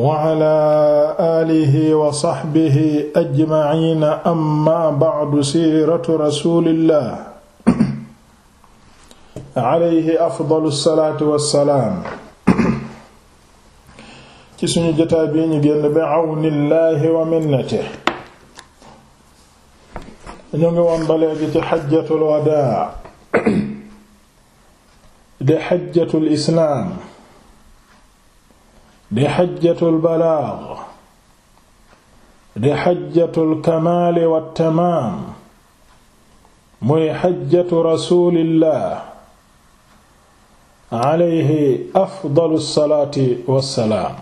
wa ala wa saxbihi ajmaciina amma bacdu siiratu rasuulillah alayhi afdalu salaatu wa salaam. ci suñu jotaay bi ñu génn bi awnillahi wa minnatihi. ñu ngi woon ba léegi ci xajjatul wadaa. di xajjatul islaam. di xajjatul balaag di xajjatul kamaali wa tamaam muy xajjatu rasuulillah alayhi afdalu salaati wa salaam.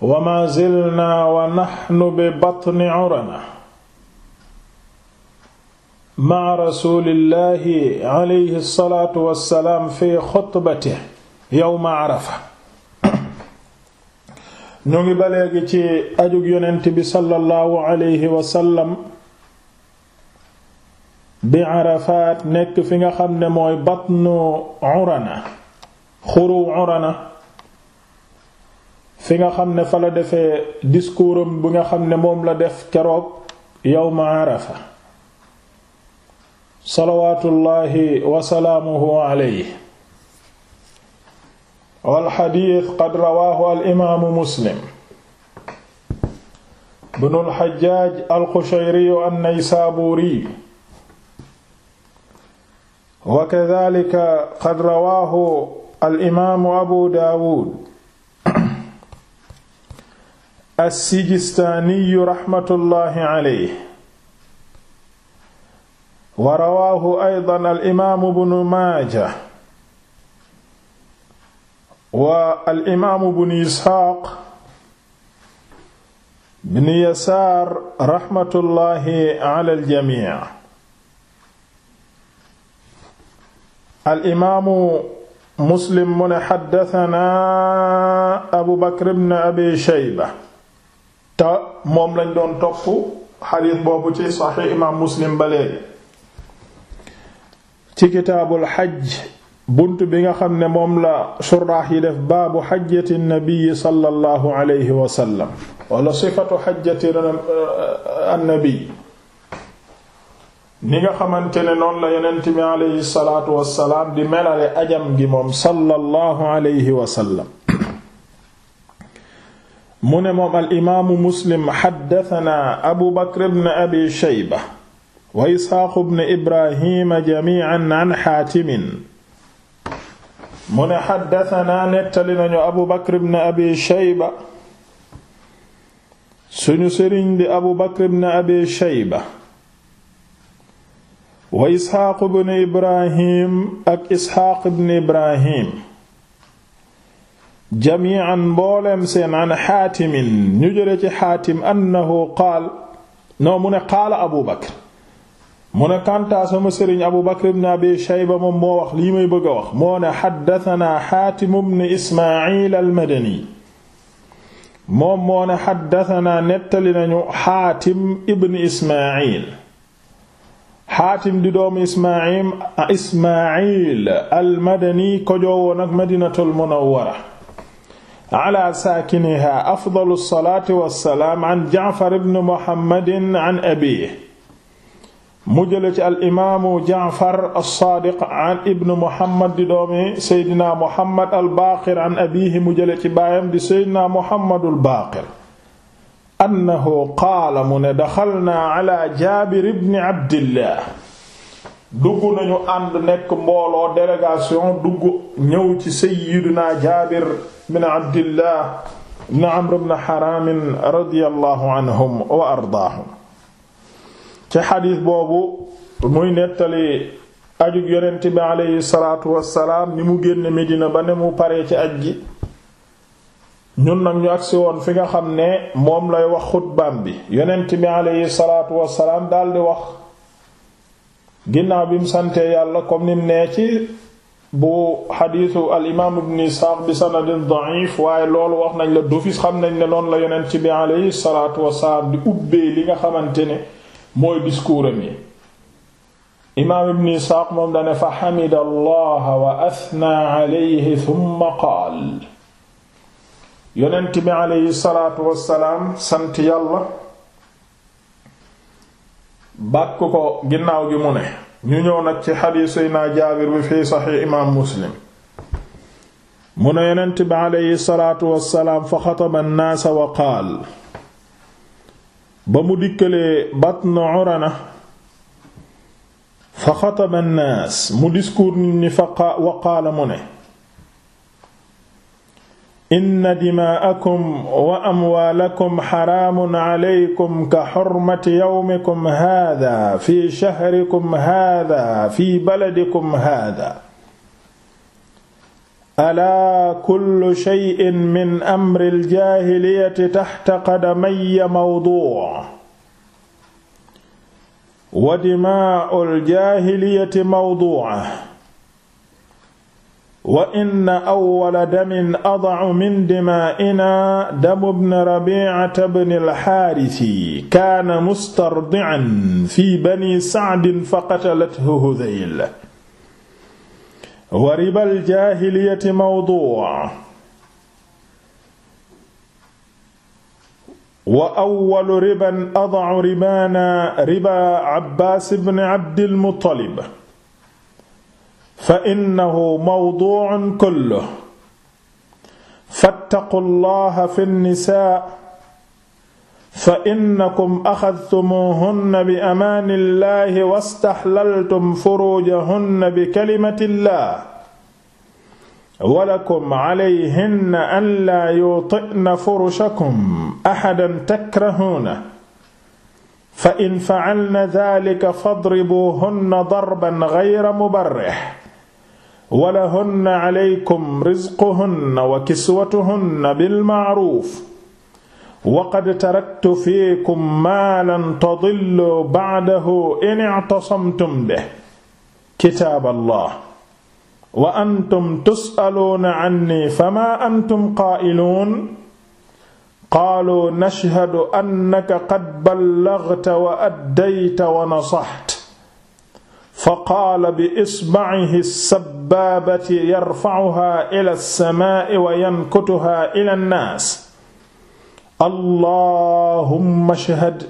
wa maa zilnaa wa naxnu bi batni urana ma'a rasuulillah alayhi salaatu wa salaam fi xutbatihi yawma arafa. ñu ngi ba léegi ci ajug yonent bi sallallahu alayhi wa bi Arafat nekk fi nga xam ne mooy batnu Urana xuru Urana fi nga xam ne fa la defee discours am bi nga xam ne moom la def keroog yawma Arafa salawaatullaahi wa salaamuhu alayhi wal xadiis qad rawaahu al imaamu muslim bnul xajjaaj al qushayriyu an naysaabuuriyu wa kadaalika qad rawaahu al imaamu abu daawuud as sijistaaniyu raxmatullaahi aleyhi wa rawaahu aydan al imaamu bnu maaja waa al imaamu bnu isxaaq bnu yasaar raxmatullaahi ala aljamic al imaamu muslim mu ne xaddatanaa abu bakr bn abi sheyba te moom lañ doon topp xadiis boobu ci saxiix imaam muslim ba léegi ci kitaabul xaj bunt bi nga xam ne moom la suraax yi def baabu xajjati nabiyi sallallahu alayhi wa sallam wala sifatu xajjati annabi ni nga xamante ne noonu la yonent bi alayhi salaatu wassalaam di melale ajam gi moom sallallahu alayhi wa sallam mu ne moom al imaamu muslim xaddatana abu bakr ibn abi shayba wa isxaaqu ibn ibrahima jamii'an an xaatimin mu ne xaddatanaa nettali nañu abu bakr ibn abi shayba suñu sëriñ bi abu bakr ibn abi shayba wa isxaaq ibn ibrahim ak isxaaq ibn ibrahim jamiican mboolem seen an xaatimin ñu jële ci xaatim annahu qaal noo mu ne qaala abu bakr mu ne kantaa sama abu bakr ibn abi shayba moom moo lii may bëgg wax moo ne xaddatanaa xaatim ibn almadani moom moo ne xaddatanaa nettali nañu xaatim ibn ismaayil xaatim di doomu ismaayil ismaayil almadani ko joowoon ak madinatul ala saakinihaa afdalu salaati wassalaam an jaafar ibn muhammadin an abiihi mu jële ci al imaamu jaafar as-saadiq an ibnu muhammad di doomi seydina muhammad al baaqir an abiihi mu jële ci baayam di seydina muhammadul baaqir annahu qaala mu ne daxalnaa ala jaabir ibni abdillah dugg nañu ànd nekk mbooloo délégation dugg ñëw ci seydina jaabir ibni abdillah ibni amr ibni haraam radiyallahu anhum wa ardaahum ci xadiis boobu muy nettali ajug yonent bi aleyhi salaatu wassalaam ni mu génn Medina ba ne mu paree ci aj gi ñun nag ñu agsi woon fi nga xam ne moom lay wax xutbaam bi yonent bi aleyhi salaatu wassalaam di wax ginnaaw bi mu santee yàlla comme nim nee ci bu xadiisu al imaam ibn Isaaq bi sanadin da'if waaye loolu wax nañ la dofis xam nañ ne noonu la yonent bi aleyhi salaatu wassalaam di ubbee li nga xamante ne mooy discours am yi imaam ibn isxaaq moom dane fa xamida allaha wa asna alayhi thumma qaal yonent bi aleyhi salaatu wassalaam sant ko ginnaaw gi mu ne ñu ñëw nag ci xadiis Seydina Jaabir bi fii saxiix imaam Muslim mu ne yonent bi aleyhi salaatu wassalaam fa xataba an wa qaal ba mu dikkalee batn urana fa xataba an-naas mu discours nit ñi fa wa qaala mu ne inna dimaa'akum wa amwaalakum xaraamun alaykum ka xurmati yawmikum haadaa fi shahrikum haadaa fi baladikum haadaa alaa kullu shay'in min amri aljaahiliyati taxta qadamaya mawduu wa dimaau aljaahiliyati mawduua wa inna awwala damin ad'u min dimaa'inaa damu bni rabiicata bni alxaarisi kaana mustardi'an fi bani sa'din faqatalathu hudayl wa ribal jaahiliyati mawduu' wa awwalu riban ad'u ribaana riba Abbaas ibn Abdil Muttalib fa innahu mawduu'un kulluhu fattaqullaaha fin nisaa' fa innakum axadtumuhunna bi amaanillahi wastaxlaltum furujahunna bi kalimatillah walakum alayhinna an laa yuti'na furushakum axadan takrahuunahu fa in fa'alna daalika fadribuuhunna darban gayra mubarrih walahunna alaykum rizquhunna wa kiswatuhunna bilma'ruuf waqad taraktu fiikum maa lan tadillu ba'dahu in i'tasamtum bihi kitaaballah wa antum tus'aluuna anni famaa antum qaa'iluun qaaluu nashhadu annaka qad ballaghta wa addayta wa nasaxta faqaala biisbacihi as-sabbaabati yarfacuhaa ila as-samaa'i wa yankutuhaa ila an-naas allahumma ashhad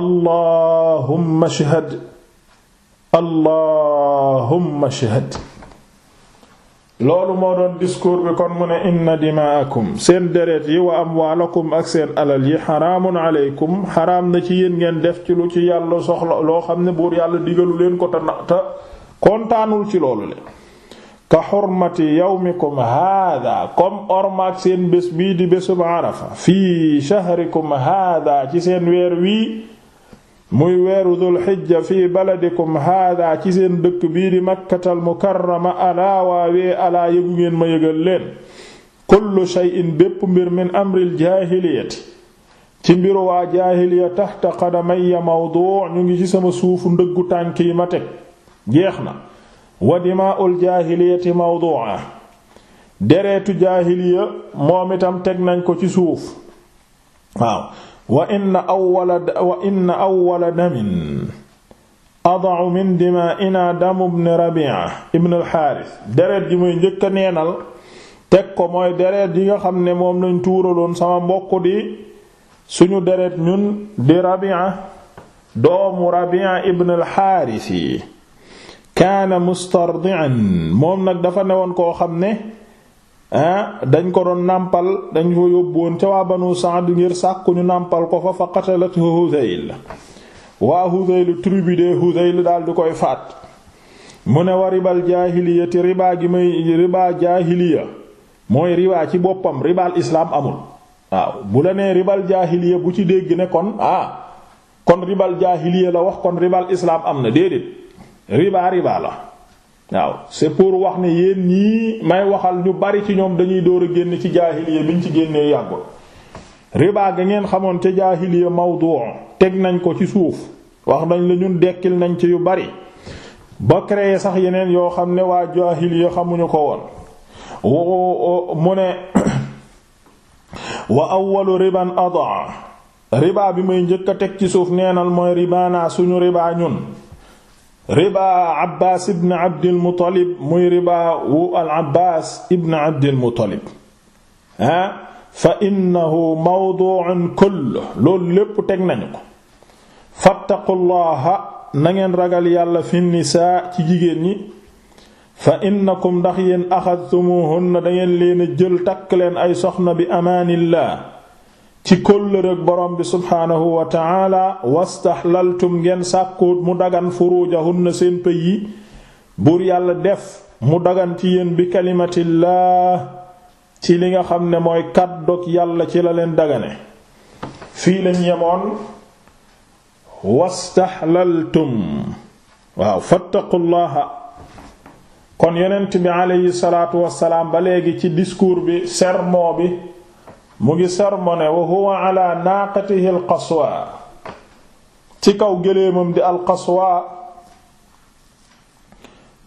allahumma ashhad allahumma loolu moo doon discours bi kon mu ne inna dimaakum seen deret yi wa amwaalakum ak seen alal yi xaraamun aleykum xaraam na ci yéen ngeen def ci lu ci yàlla soxla loo xam ne buur yàlla digalu leen ko te kontaanul ci loolu le ka xurmati yawmikum haada comme ormaak seen bés bii di bésub arafa fii shahrikum haada ci seen weer wii muy weeru dul xijja fii baladikum haada ci seen dëkk bii di makkatal mukarrama alaa waawee alaa yëgu ngeen ma yëgal leen kullu shay'in bépp mbir min amril jaahiliyati ci mbiru waa jaahiliya taxta qadamayya mawdu' ñu ngi ci sama suufu ndëggu tànk yi ma na wa dimaa'ul jaahiliyati mawdu'a deretu jaahiliya moom itam teg nañ ko ci suuf waaw wa inna awwala wa inna awwala damin ada'u min dimaa'ina damu ibn Rabi'a ibn al deret ji muy njëkk a neenal teg ko mooy deret yi nga xam ne moom lañ tuuraloon sama mbokk di suñu deret ñun di Rabi'a doomu Rabi'a ibn al kaana mustardi'an moom nag dafa newoon koo xam ne ah dañ ko doon nàmpal dañ ko yóbbuwoon ca waa banu Sa'd ngir sàkku ñu nàmpal ko fa fa qatalat Hudayl waa Hudayl tribu de Hudayl daal di koy faat mu ne wa ribal jaahiliyati ribaa gi may ribaa jaahiliya mooy ribaa ci boppam ribaal islaam amul waaw bu la nee ribal jaahiliya bu ci dégg ne kon ah kon ribal jaahiliya la wax kon ribal islaam am na déedéet riba riba la waaw c'est pour wax ni yéen ñii may waxal ñu bari ci ñoom dañuy door a génn ci jaahiliya biñ ci génnee yàggul riba ga ngeen xamoon ca jaahiliya mawdu' teg nañ ko ci suuf wax nañ la ñun dekkil nañ ci yu bari ba créer sax yeneen yoo xam ne waa jaahiliya xamuñu ko woon mu ne wa awwalu riban adaa riba bi may njëkk a teg ci suuf neenal mooy ribaanaa suñu riba ñun riba Abbas ibn Abdil Muttalib muy riba wu al Abbas ibn Abdil Muttalib ah fa innahu mawdu'un kullu loolu lépp teg nañu ko fattaqullaha na ngeen ragal yàlla fi nisaa ci jigéen ñi fa innakum ndax yéen axadtumuhunna da ngeen leen a jël takk leen ay soxna bi amaanillah ci kóllërëg borom bi subhaanahu wa taala wastahlaltum ngeen sàkkuut mu dagan furujahunna seen pëy yi buur yàlla def mu dagan ci yéen bi kalimatillah ci li nga xam ne mooy kàddoog yàlla ci la leen dagane fii lañ yemoon wastahlaltum waaw fattaqullaha kon yonent bi aleyhi salaatu wassalaam ba léegi ci discours bi sermon bi mu ngi sermone wa huwa ala naaqatihi alqaswa ci kaw géléemam di alqaswa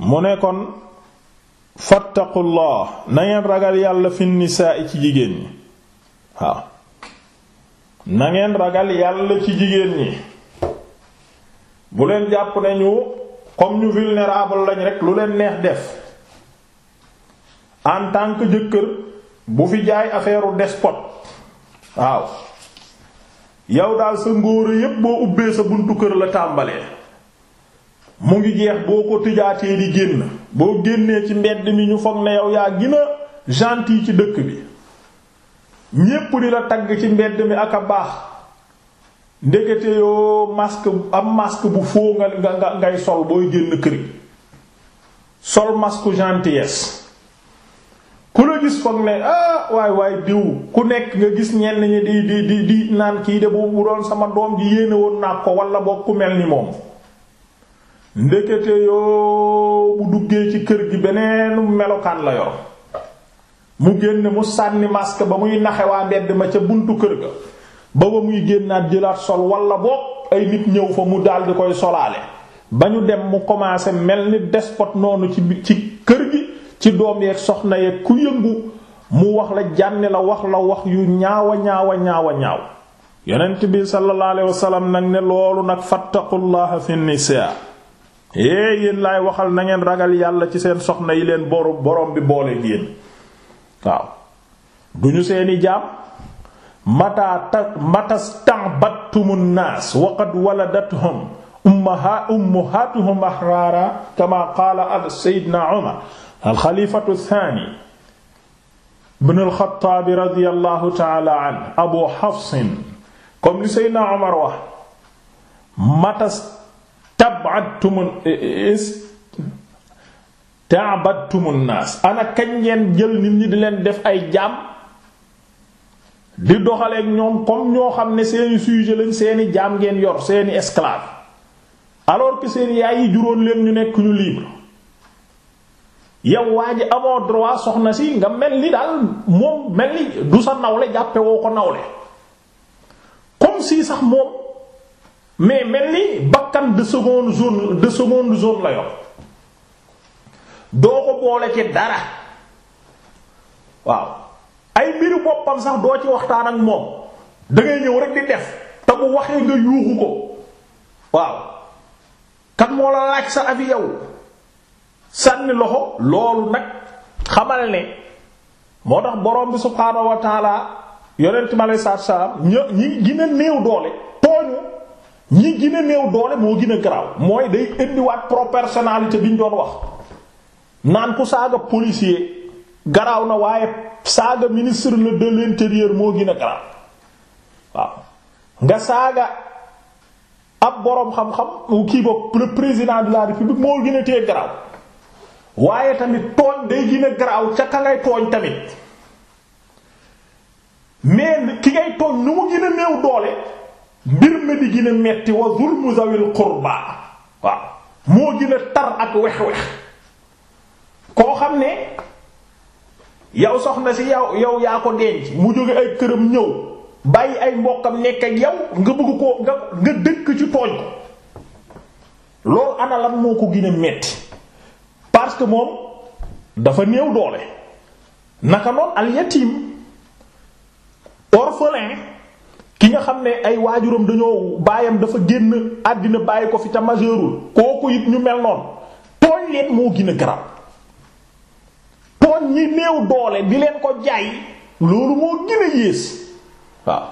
mu ne kon fattaqullah na ngeen ragal yàlla fi nisaa ci jigéen ñi waaw na ngeen ragal yàlla ci jigéen ñi bu leen jàpp ne ñu comme ñu vulnérable lañ rekk lu leen neex def en tant jëkkër bu fi jaay affaire u despot waaw yow daal sa ngóora yépp boo ubbee sa buntu kër la tàmbalee mu ngi jeex boo ko tëjaatee di génn boo génnee ci mbedd mi ñu foog ne yow yaa gina gentil ci dëkk bi ñépp di la ci mbedd mi ak a baax ndekete yoo masque am masque bu foo nga nga ngay sol booy génn kër sol masque gentillesse ku la gis foog ne ah waay waay diw ku nekk nga gis ñenn ñi di di di di naan kii de bu doon sama doom ji yéene woon naa ko wala boo ku mel ni moom ndekete yoo bu duggee ci kër gi beneenu melokaan la yor mu génn mu sànni masque ba muy naxe waa mbedd ma ca buntu kër ga ba ba muy génn génnaat jëlaat sol walla boog ay nit ñëw fa mu daldi koy solaale ba ñu dem mu commencé mel ni despot noonu ci ci kër gi ci doom yeeg soxna yeeg ku yëngu mu wax la jànni la wax la wax yu ñaawa ñaawa ñaawa ñaaw yonent bi sallallahu nag ne loolu nag fattaqullaha fi nisaa é yéen laay waxal nangeen ragal yàlla ci seen soxna yi leen boru borom bi boole yéen waaw ñu seeni jaam mata matasta'battumu nnaas wa qad waladatuhum ummaha ummahatuhum ahraara kama qaala sayyidna Umar alxalifatu thani bn alxataabi radiallahu taala abu xafsin comme li seydna omar wax matas tabadtumun taabadtumun naas ana kañ ngeen jël nit ñi di leen def ay jaam di doxaleek ñoom comme ñoo xam ne seeni sujet lañ seeni jaam ngeen yor seeni esclave alors que seen yaay yi juróon leen ñu nekk ñu libre yow waa ji amoon droit soxna si nga mel ni daal moom mel ni du sa nawle jàppe woo ko nawle comme si sax moom mais mel ni bakkan de seconde zone de seconde zone la yor doo ko boole ci dara waaw ay mbiru boppam sax doo ci waxtaan ak moom da ngay ñëw rek di def te bu waxee nga yuuxu ko waaw kat moo la laaj sa avis yow. sànni loxo loolu nag xamal ne moo tax boroom bi subhaanahu wa taala yonent mi aleyhi salaatu salaam ña ñi gën a néew doole tooñu ñi gën néew doole moo gën a garaaw mooy day indiwaat proportionnalité bi ñu doon wax naan ku saaga policier garaaw na waaye saaga ministre le de l'intérieur moo gina a garaaw waaw nga saaga ab boroom xam-xam kii boog le président de la république moo gën a téye garaaw. waaye tamit tooñ day gën a garaaw ca ka ngay tooñ tamit mais ki ngay tooñ nu mu gën a néew doole mbir mi di gën a metti wa zulmu zawil qurba waaw moo gën tar ak wex-wex koo xam ne yow soxna si yow yow yaa ko denc mu jóge ay këram ñëw bàyyi ay mbokkam nekk ak yow nga bëgg ko nga dëkk ci tooñ ko loolu ana moo ko gën metti parce que moom dafa néew doole naka noonu al yatim ki nga xam ne ay waajuram dañoo baayam dafa génn àddina bàyyi ko fi ta majeurul kooku it ñu mel noon tooñ leen moo gën a garab tooñ ñi néew doole di leen ko jaay loolu moo gën yées waaw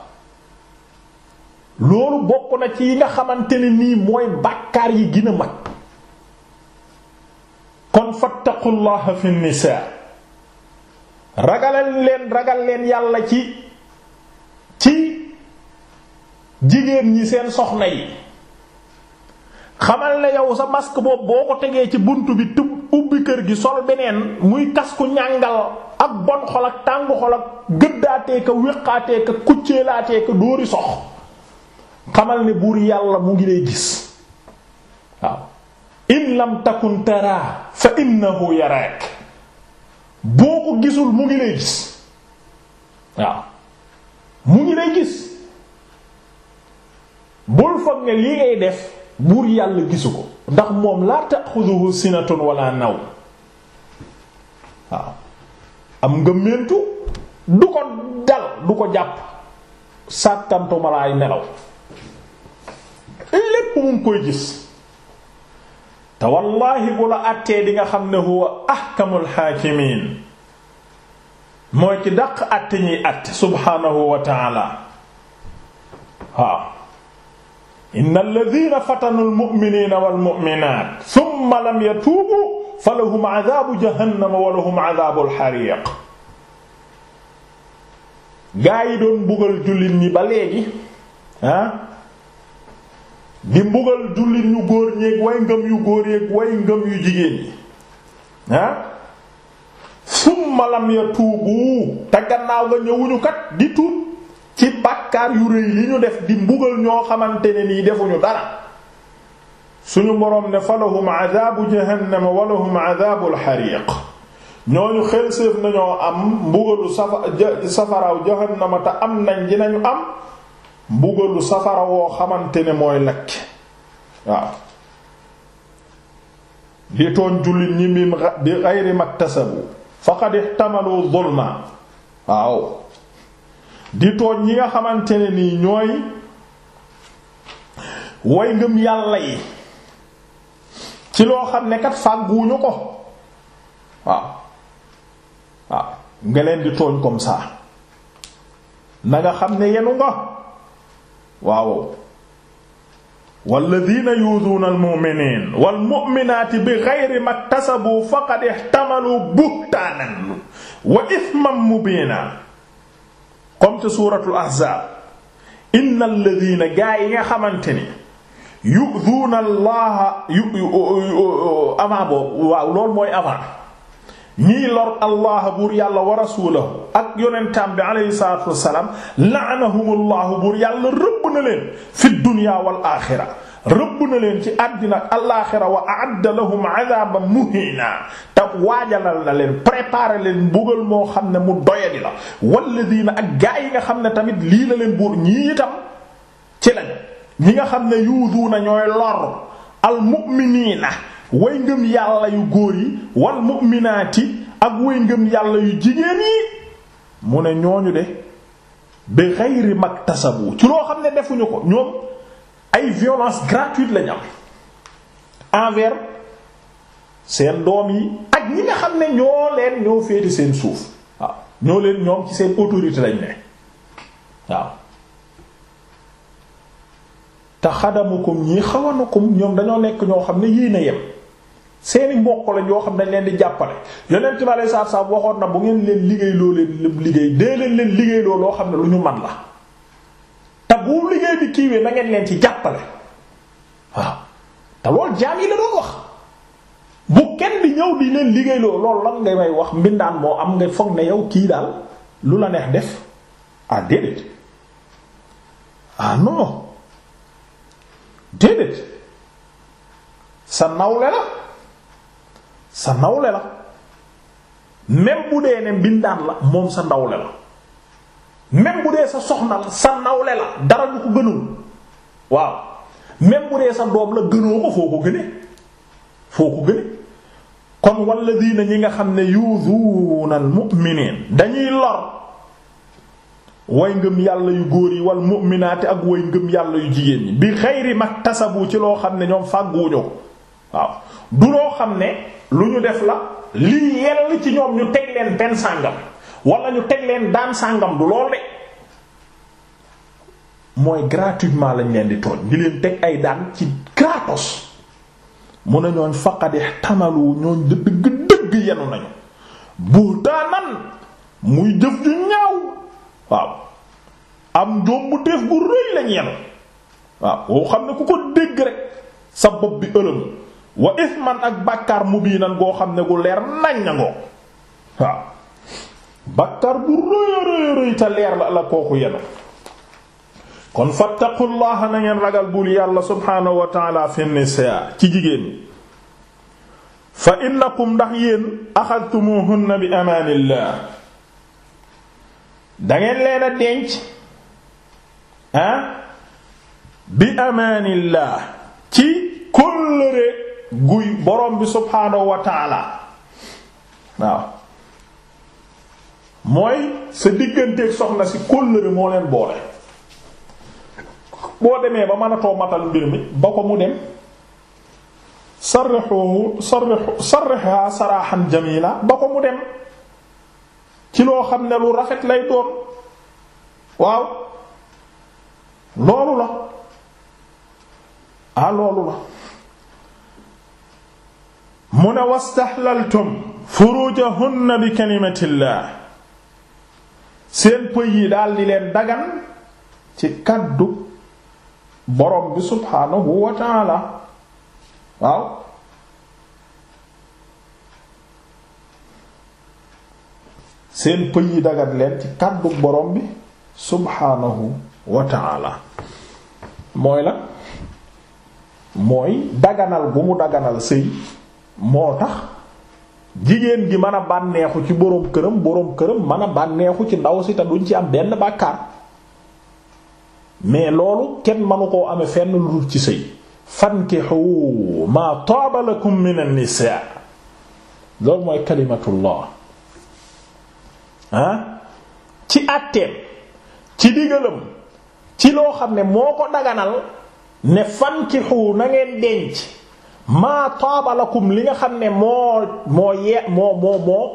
loolu bokk na ci yi nga xamante ne nii mooy bàkkaar yi gën mag kon fattaqullaha fi nisaa ragalal leen ragal leen yàlla ci ci jigéen ñi seen soxna yi xamal ne yow sa masque boobu boo ko tegee ci bunt bi tub ubbi kër gi sol beneen muy kas ku ñàngal ak bon xol ak tàngu xol ak gëddaatee ka wéqaatee ka kucceelaatee ka dóori sox xamal ne buur yàlla mu ngi lay gis waaw in lam takun tara fa innahu yaraak boo ko gisul mu ngi lay gis waaw mu ngi lay gis bul foog ne li ngay def buur yàlla gisu ko ndax moom laa taxuduhu sinatun wala naw waaw am nga mentu du ko dal du ko jàpp sàkkantumalay nelaw lépp mu ngi koy gis te wallaahi bu la àttee nga xam ne huwa ahkamul haakimiin mooy ci daq àtte ñiy àtte subhaanahu wa taala waaw inna alladhiina fatanu almu'miniina walmu'minaat thumma lam yatuubu falahum adhaabu jahannama wa lahum adhaabul hariiq gaa yi doon bugal jullit ba léegi ah, di mbugal jullit ñu góor ñéeg way ngëm yu góor yéeg way ngëm yu jigéen yi ah summa ya tuubu te gannaaw nga ñëwuñu kat di tuub ci bàkkaar yu rëy yi ñu def di mbugal ñoo xamante ne nii defuñu dara suñu boroom ne fa lahum adabu jahannama wa lahum adabu alxariq ñooñu xel séef nañoo am mbugalu safa safaraaw jahannama te am nañ dinañu am mbugalu safara woo xamante ne mooy lakk waaw di tooñ jullit ñi mi bi geyri maktasabu faqad ihtamalu zulma waaw di tooñ ñi nga xamante ne nii ñooy way ngëm yàlla yi ci loo xam ne kat fàgguwuñu ko waaw waaw nga leen di tooñ comme na nga xam ne yenu nga waaw walladina yuuduuna almu'miniin walmu'minaati bighayri maktasabu faqad ihtamalu buhtaanan wa ithman mubiina comme ci suuratul ahzaab inna alladina gaa yi nga xamante ni yuuduuna allaha yu avant boobu waaw loolu mooy avant ñii lor allah buur yàlla wa rasulahu ak yonentam bi alayhi salaatu wassalaam la'anahumullahu buur yàlla rëbb na leen fi dunya wal aaxira rëbb na leen ci àddina alaaxira wa a'adda lahum adaaban muhiina te waajalal na leen préparer leen mbugal moo xam ne mu doyadi la walladiina ak gaa yi nga xam ne tamit lii la leen buur ñii itam ci lañ ñi nga xam ne yuudu na ñooy lor al way ngëm yàlla yu góor yi wal mu'minaati ak way ngëm yàlla yu jigéen yi mu ne ñooñu de bi xayri maktasabu ci loo xam ne defuñu ko ñoom ay violence gratuite lañ am envers seen doom yi ak ñi nga xam ne ñoo seen suuf waaw ñoo leen ñoom ci seen autorité lañ ñii xawanakum ñoom dañoo nekk ñoo xam ne yéen a yem seeni mbokk lañ yoo xam dañ leen di jàppale yonent bi alayhi salaatu salaam waxoon na bu ngeen leen liggéey loo leen liggéey dee leen leen liggéey loo lu ñu man la te bu liggéey ci jàppale te loolu jaam la doon bu kenn di ñëw di leen loolu lan ngay wax mbindaan moo am nga foog ne yow kii daal lu la neex def ah déedéet ah non déedéet sa nawle la sa nawle la même bu dee ne mbindaan la moom sa ndawle la même bu dee sa soxna la sa nawle la dara lu ko gënul waaw même bu dee sa doom la gënoo ko foo ko gëne foo ko gëne kon walladina ñi nga xam ne yuzuuna al mu'miniin dañuy lor way ngëm yàlla yu góor yi wal mu'minaati ak way ngëm yàlla yu jigéen ñi bi xayri maktasabu ci loo xam ne ñoom fàgguwuñu ko waaw du loo xam ne lu ñu def la lii yell ci ñoom ñu teg leen benn sàngam wala ñu teg leen daan sàngam du lool de mooy gratuitement lañ leen di tooñ di leen teg ay daan ci gratos mun a ñooñ faqad ihtamalu ñooñ dëgg dëgg yenu nañu buhtaanan muy jëf ju ñaaw waaw am njoom bu def bu rëy lañ yenu waaw wow xam ne ku ko dégg rek sa bopp bi ëlëm wa isman ak bàkkaar mubiinan goo xam ne gu leer nañ na ngoo rëy rëy te leer la la kooku yenu kon fattaqullaha na ngeen ragal bul yàlla subhaanahu wa fi nisaa ci jigéen ñi fa innakum ndax yéen axadtumuhunna bi amaanillah dangeen leen denc ah bi amaanillah ci kóllëre guy borom bi subhaanahu wa taala waaw mooy sa digganteeg soxna si kóllëre moo leen boole boo demee ba mënatoo matal mbir mi ba ko mu dem sarrixu sarrixu sarrixha saraaxan jamila ba ko mu dem ci loo xam ne lu rafet lay doon waaw loolu la ah loolu la mu ne wastahlaltum furujahunna bi kalimatillah seen pëy yi daal di leen dagan ci kaddu borom bi subhaanahu wa waaw seen pëy yi dagan leen ci kàddu borom bi subhaanahu wa taala mooy la mooy daganal bu mu daganal sëy moo tax jigéen bi mën a bànneexu ci boroom këram boroom këram mën a bànneexu ci ndaw si te duñ ci am benn bàkkaar mais loolu kenn mënu koo amee fenn lu ci sëy fankihu ma taaba lakum min an-nisaa loolu mooy kalimatullah ah ci àtteem ci digalam ci loo xam ne moo ko daganal ne fankihu na ngeen denc maa taaba lakum li nga xam ne moo moo ye moo moo moo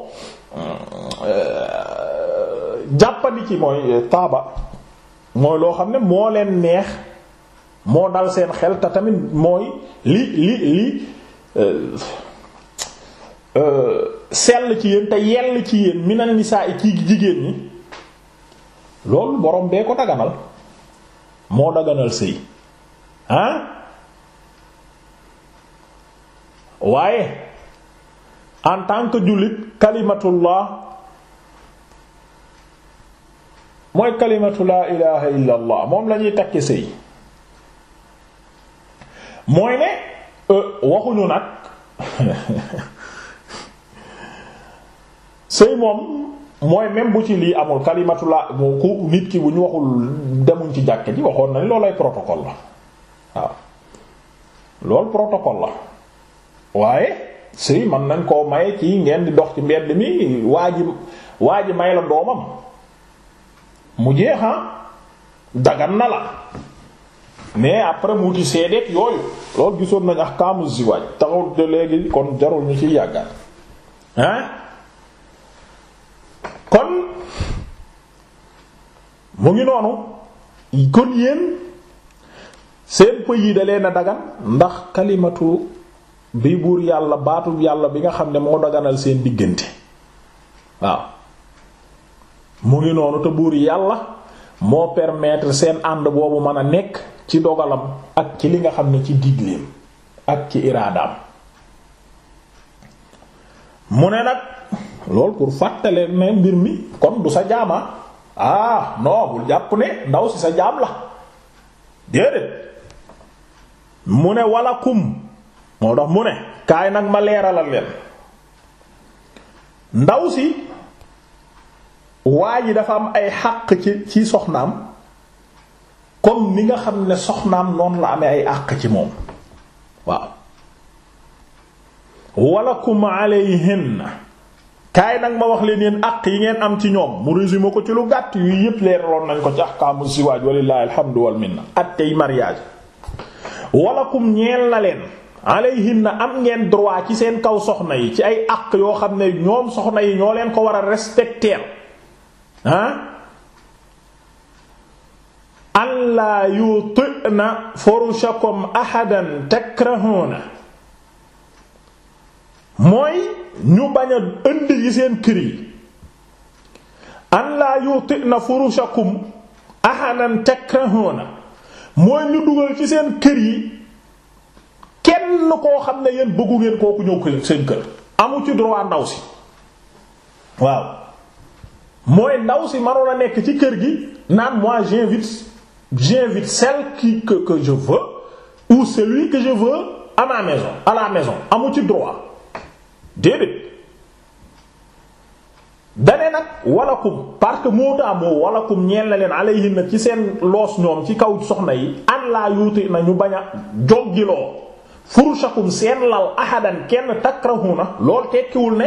euh, jàppandi ci mooy taaba mooy loo xam ne moo leen neex moo dal seen xel te tamit mooy li li li euh, euh, sell ci yéen te yell ci yéen minan nisaa i ci jigéen ñi loolu borom bee ko daganal moo daganal sëy ah waaye en tant que jullit kalimatullah mooy kalimatu laa ilaha illa moom lañuy ñuy takki sëy mooy euh, nag sëy moom mooy même bu ci lii amul kalimatu laa moo ku nit ki bu ñu waxul demuñ ci jàkk ji waxoon nañ loolay protocole la waaw loolu protocole la waaye sëy man nañ koo may ci ngeen di dox ci mbedd mi waa ji waa ji may la doomam mu jeexa ah, dagan na la mais après mu wuti seedeet yooyu loolu gisoon na ak kaamu ziwaaj taxaw de léegi kon jarul ñu ci yàggat hein kon mu ngi noonu kon yéen seen pëy yi da leen a dagan ndax kalimatu bi buur yàlla baatub yàlla bi nga xam ne moo daganal seen diggante waaw mu ngi noonu te buur yàlla moo permettre seen ànd boobu mën a nekk ci dogalam ak ci li nga xam ne ci digleem ak ci iraadaam mu ne nag lool pour fàttale ne mbir mi kon du sa jaama ah non bul jàpp ne ndaw si sa jaam la déedéet mu ne walakum moo tax mu ne kaay nag ma leeralal leen ndaw si waa ji dafa am ay xàq ci soxnaam comme ni nga xam ne soxnaam noonu la amee ay àq ci moom waaw yi alayhinna kaay nag ma wax leen yéen àq yi ngeen am ci ñoom mu résumé ko ci lu gàtt yu yépp leeraloon nañ ko ci ahkaamu siwaaj walillahi alhamdu wal minna at tey mariage ñeel na leen na am ngeen droit ci seen kaw soxna yi ci ay àq yoo xam ne ñoom soxna yi ñoo leen ko war a respecter ah alla yutina furushakum ahadan takrahuna mooy ñu bañ a indi yi seen kër yi alla yutina furushakum ahadan takrahuna mooy ñu dugal ci seen kër yi kenn koo xam ne yéen bëggu ngeen kooku ñëw seen kër amu ci droit ndaw si waaw mooy ndaw si manoon a nekk ci kër gi naan moi j'invite j'invite celle qui que que je veux ou celui que je veux à ma maison ci droit déedéet dane nag walakum parce que moo daa moo walakum ñeel na leen alayhinna ci seen loos ñoom ci kaw soxna yi an laa yuuti na ñu baña a joggiloo furshakum seen lal ahadan kenn takrahuna lool tekkiwul ne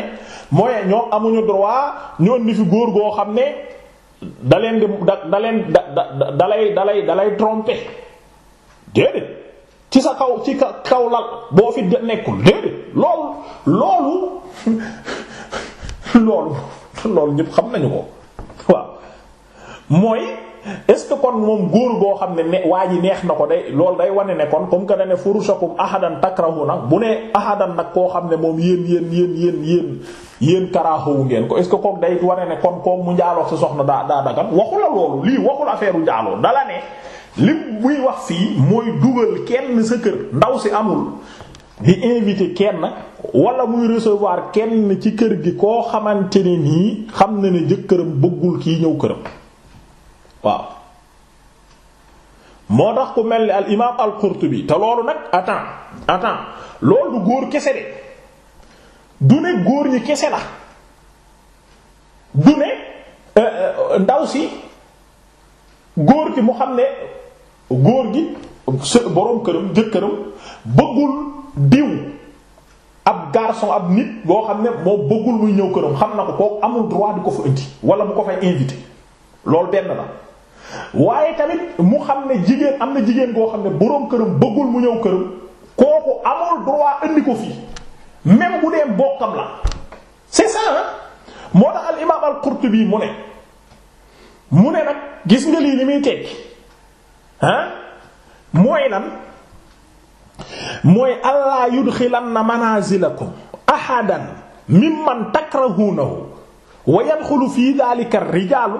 mooy ñoo amuñu droit ñoo ni fi góor goo xam ne da leen di da da leen dalay dalay déedéet ci sa kaw ci kaw lal boo fi nekkul déedéet loolu loolu loolu loolu ñépp xam nañu ko waaw mooy est-ce que kon moom góor goo xam ne waa ji neex na ko de loolu day wane ne kon comme que da ne furushakum ahadan na bu ne ahadan nag koo xam ne moom yéen yéen yéen yéen yéen yéen karaaxawu ngeen ko est-ce que kook day wane ne kon kook mu njaaloo sa soxna daa daa dagan waxu la loolu lii waxul affaire u njaaloo dala ne li muy wax fii mooy dugal kenn sa kër ndaw si amul di invité kenn wala muy recevoir kenn ci kër gi koo xamante ne nii xam na ne jëkkëram kii ñëw këram waaw moo tax ku mel ni al imaam al qurtubi te loolu nag attends attends loolu du góor kese de du ne góor ñi kese la du ne euh, euh, ndaw si góor gi mu xam ne góor gi së boroom këram jëkkëram bëggul diw ab garçon ab nit boo xam ne moo bëggul muy ñëw këram xam na ko kooku amul droit di ko fa indi wala mu ko fay invité loolu benn la waaye tamit mu xam ne jigéen am na jigéen goo xam ne boroom këram bëggul mu ñëw këram kooku amul droit indi ko fii même bu dee bokkam la c'est ça moo tax al imaam al mu ne mu ne nag gis nga lii muy tekki ah mooy lan mooy allaa yudxilanna manaazilakum ahadan mimman takrahunahu wa yadxulu fii daalika rijaalu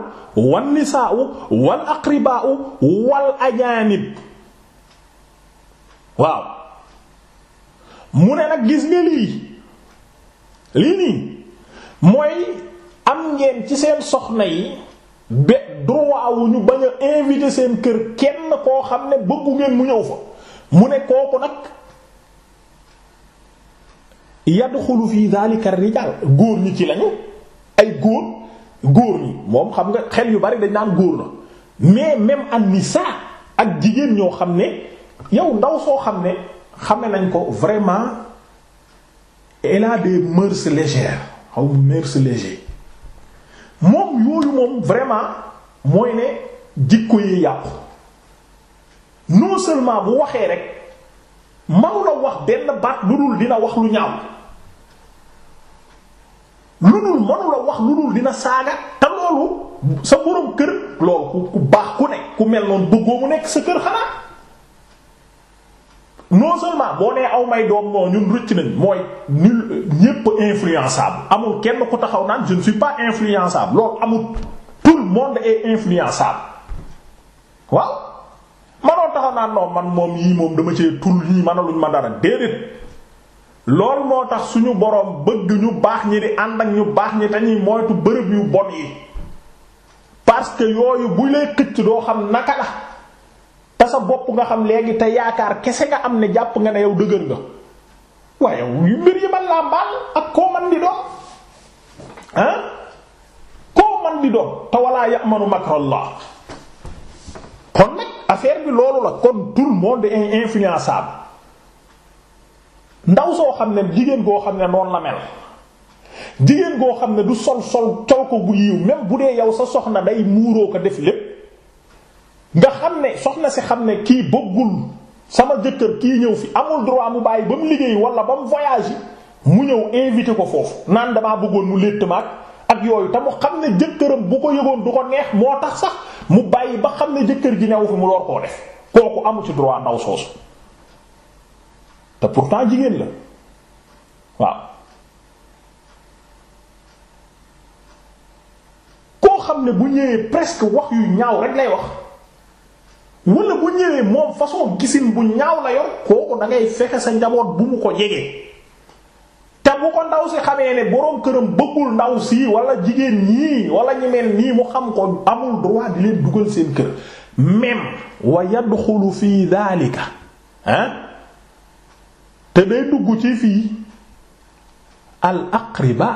wan nisaa'u wal aqribaa'u wal ajaanib waaw mu ne nag gis nga lii lii nii mooy am ngeen ci seen soxna yi be droit wu ñu bañ a invité seen kër kenn koo xam ne bëggu ngeen mu ñëw fa mu ne kooku nag yadxulu fii daalika rijaal góor ñi ci lañu ay góor góor ñi moom xam nga xel yu bari dañ naan góor la mais même an nisa ak jigéen ñoo xam ne yow ndaw soo xam ne xame nañ ko vraiment elle a des mœurs légères xaw mœurs légères moom yooyu moom vraiment mooy ne jikko yi yàqu non seulement bu waxee rek manu la wax benn baat lu dul dina wax lu ñaaw lu dul mënu la wax lu dul dina saaga te loolu sa borom kër loolu ku baax ku ne ku mel noonu bëggoo mu nekk sa kër xanaa non seulement boo nee aw may doom moo ñun rëcc nañ mooy nul ñépp influençable amul kenn ku taxaw naan je ne suis pas influençable loolu amul tout le monde est influençable waaw manoon taxaw naan non man moom yii moom dama cee tul ñii mënaluñ ma dara déedéet. lool moo tax suñu boroom bëgg ñu baax ñi di ànd ñu baax ñi dañuy moytu bërëb yu bon yi parce que yooyu bu lay xëcc doo xam naka la te sa bopp nga xam léegi te yaakaar kese nga am ne jàpp nga ne yow dëgër nga waaye yu mbir yi man mbaal ak koo man di doon ah koo man di doon te walaa ya'manu makrallah kon nag affaire bi loolu la kon tout le monde est ndaw soo xam ne jigéen goo xam ne noonu la mel jigéen goo xam ne du sol sol col ko gu yiw même bu dee yow sa soxna day muuroo ko def lépp nga xam ne soxna si xam ne kii bëggul sama jëkkër kii ñëw fi amul droit mu bàyyi ba mu liggéey wala ba mu voyage mu ñëw invité ko foofu naan damaa bëggoon mu létt maag ak yooyu te mu xam ne jëkkëram bu ko yëgoon du ko neex moo tax sax mu bàyyi ba xam ne jëkkër ji ñëw fi mu door koo def kooku amu ci droit ndaw soosu te pourtant jigéen la waaw koo xam ne bu ñëwee presque wax yu ñaaw rek lay wax wala bu ñëwee moom façon gisin bu ñaaw la yor kooku da ngay fexe sa njaboot bu mu ko jegee te bu ko ndaw si xamee ne boroom këram bëggul ndaw si wala jigéen ñii wala ñu nii mu xam ko amul droit di leen dugal seen kër même wa yadxulu fi daalika ah te day dugg ci fii al aqriba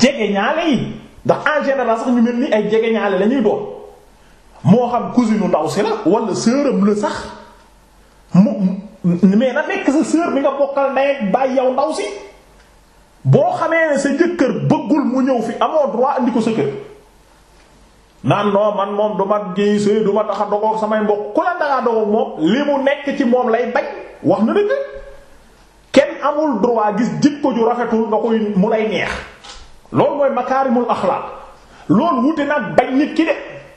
jege yi ndax en général sax ñu mel nii ay jege lañuy la moo xam cousine u ndaw si la walla sœuram la sax mu mais na nekk sa sœur bi nga bokkal ndey ak baay boo xamee ne sa jëkkër bëggul mu ñëw fi amoo droit andi ko sa kër naan moom du ma samay mbokk la danga dogoog moom li mu nekk ci moom lay bañ wax na dëgg kenn amul droit gis jikko ju rafetul nga koy mu lay neex loolu mooy makaarimul axlaaq loolu wute nag bañ nit ki de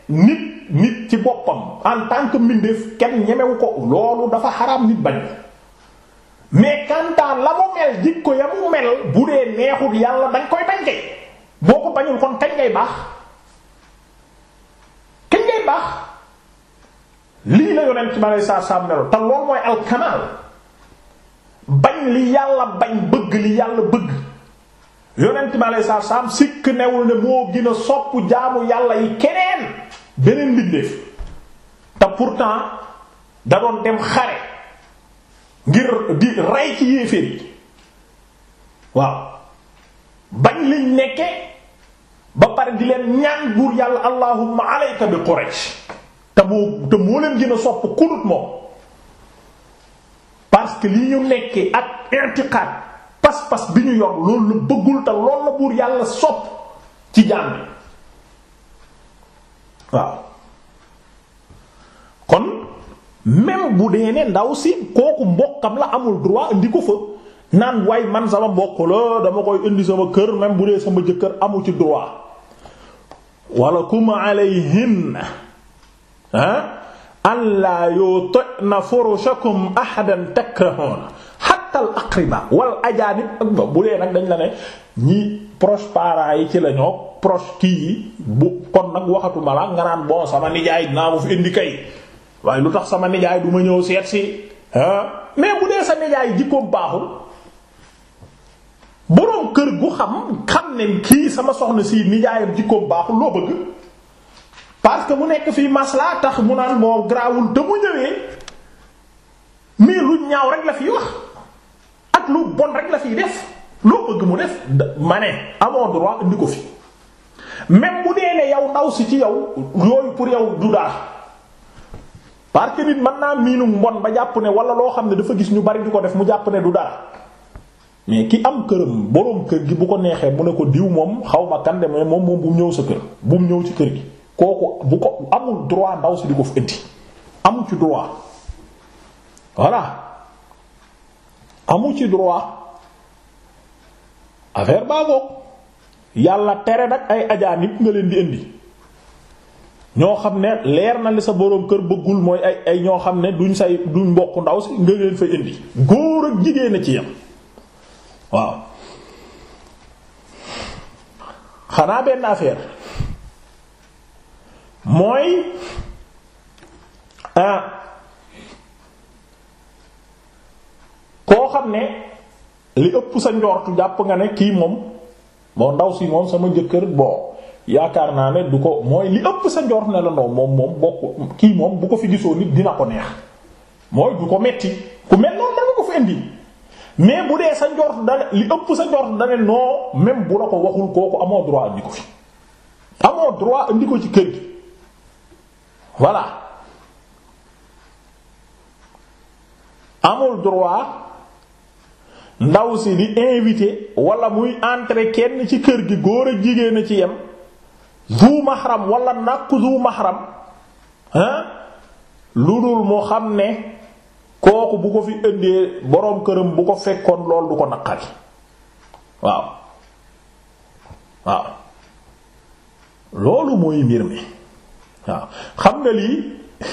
nit nit ci boppam en tant que kenn ñemewu ko loolu dafa xaraam nit bañ mais kantaan la mu mel jikko ya neexul yàlla dañ ko bañul kon kañ ngay baax kañ ngay baax lii la yonent ci ma lay saa saa te loolu mooy alkamaal bañ li yàlla bañ bëgg li yàlla bëgg yonent mi aleyhi salaatu sikk newul ne moo gën a jaamu yàlla yi keneen beneen mbindeef te pourtant da doon dem xare ngir di rey ci yéeféer yi waaw bañ liñ nekke ba pare di leen ñaan buur yàlla allahumma alayka bi Quraysh te moo te moo leen gën a sopp moom parce que li ñu nekkee ak intiqaad pas-pas bi ñu yor loolu la bëggul te loolu la buur yàlla sopp ci jaam bi waaw kon même bu dee ne ndaw si kooku mbokkam la amul droit indi ko fa naan waay man sama mbokk la dama koy indi sama kër même bu dee sama jëkkër amu ci droit walla kum alayhin ah allaa yutina furushakum ahadan takrahuna hatta al aqriba wal ajanib ak ba bu dee nag dañ la ne ñi proche parents yi ci la ñoo proche kii yi bu kon nag waxatuma la nga naan bon sama nijaay dinaa mu fi indi kay waaye lu tax sama nijaay du ma ñëw seet si mais bu dee sa nijaay jikkoom baaxul boroom kër gu xam xam ne kii sama soxna si nijaayam jikkoom baaxul loo bëgg parce que mu nekk fii maslaa tax mu naan moo garaawul te mu ñëwee mais lu ñaaw rek la fiy wax ak lu bon rek la fiy def loo bëgg mu def ma ne ko fi même bu dee yow ndaw si ci yow yooyu pour yow du daax mën naa miinu mbon ba jàpp ne wala loo xam ne dafa gis ñu bari di ko def mu jàpp ne du dara mais ki am këram boroom kër gi bu ko neexee mu ne ko diw moom xaw ma kan de moom moom bu mu ñëw sa kër bu mu ñëw ci kër gi. kooku bu ko amul droit ndaw si di ko fi indi amu ci droit voilà amu ci droit affaire baa boog yàlla tere nag ay ajaanib nga leen di indi ñoo xam ne leer na li sa boroom kër bëggul mooy ay ay ñoo xam ne duñ say duñ mbokk ndaw si nga leen fa indi góor ak jigéen a ci yam waaw xanaa benn affaire mooy ah, koo xam ne li ëpp sa njortu jàpp nga ne kii moom moo ndaw si moom sama jëkkër boo yaakaar naa ne du ko mooy li ëpp sa njort ne la ndaw moom moom bokk kii moom bu ko fi gisoo nit dina ko neex mooy du ko metti ku mel noonu man nga ko fi indi mais bu dee sa njort da li ëpp sa njort da ne non même bu la ko waxul kooku amoo droit indi fi amoo droit indi ko ci kër gi. voilà amul droit ndaw si di invité wala muy entre kenn ci kër gi góor a jigéen a ci yem zu mahram wala nakk zu mahram hein lu dul moo xam ne kooku bu ko fi indee boroom këram bu ko fekkoon lool du ko naqari waaw waaw loolu mooy mbir mi waaw xam nga lii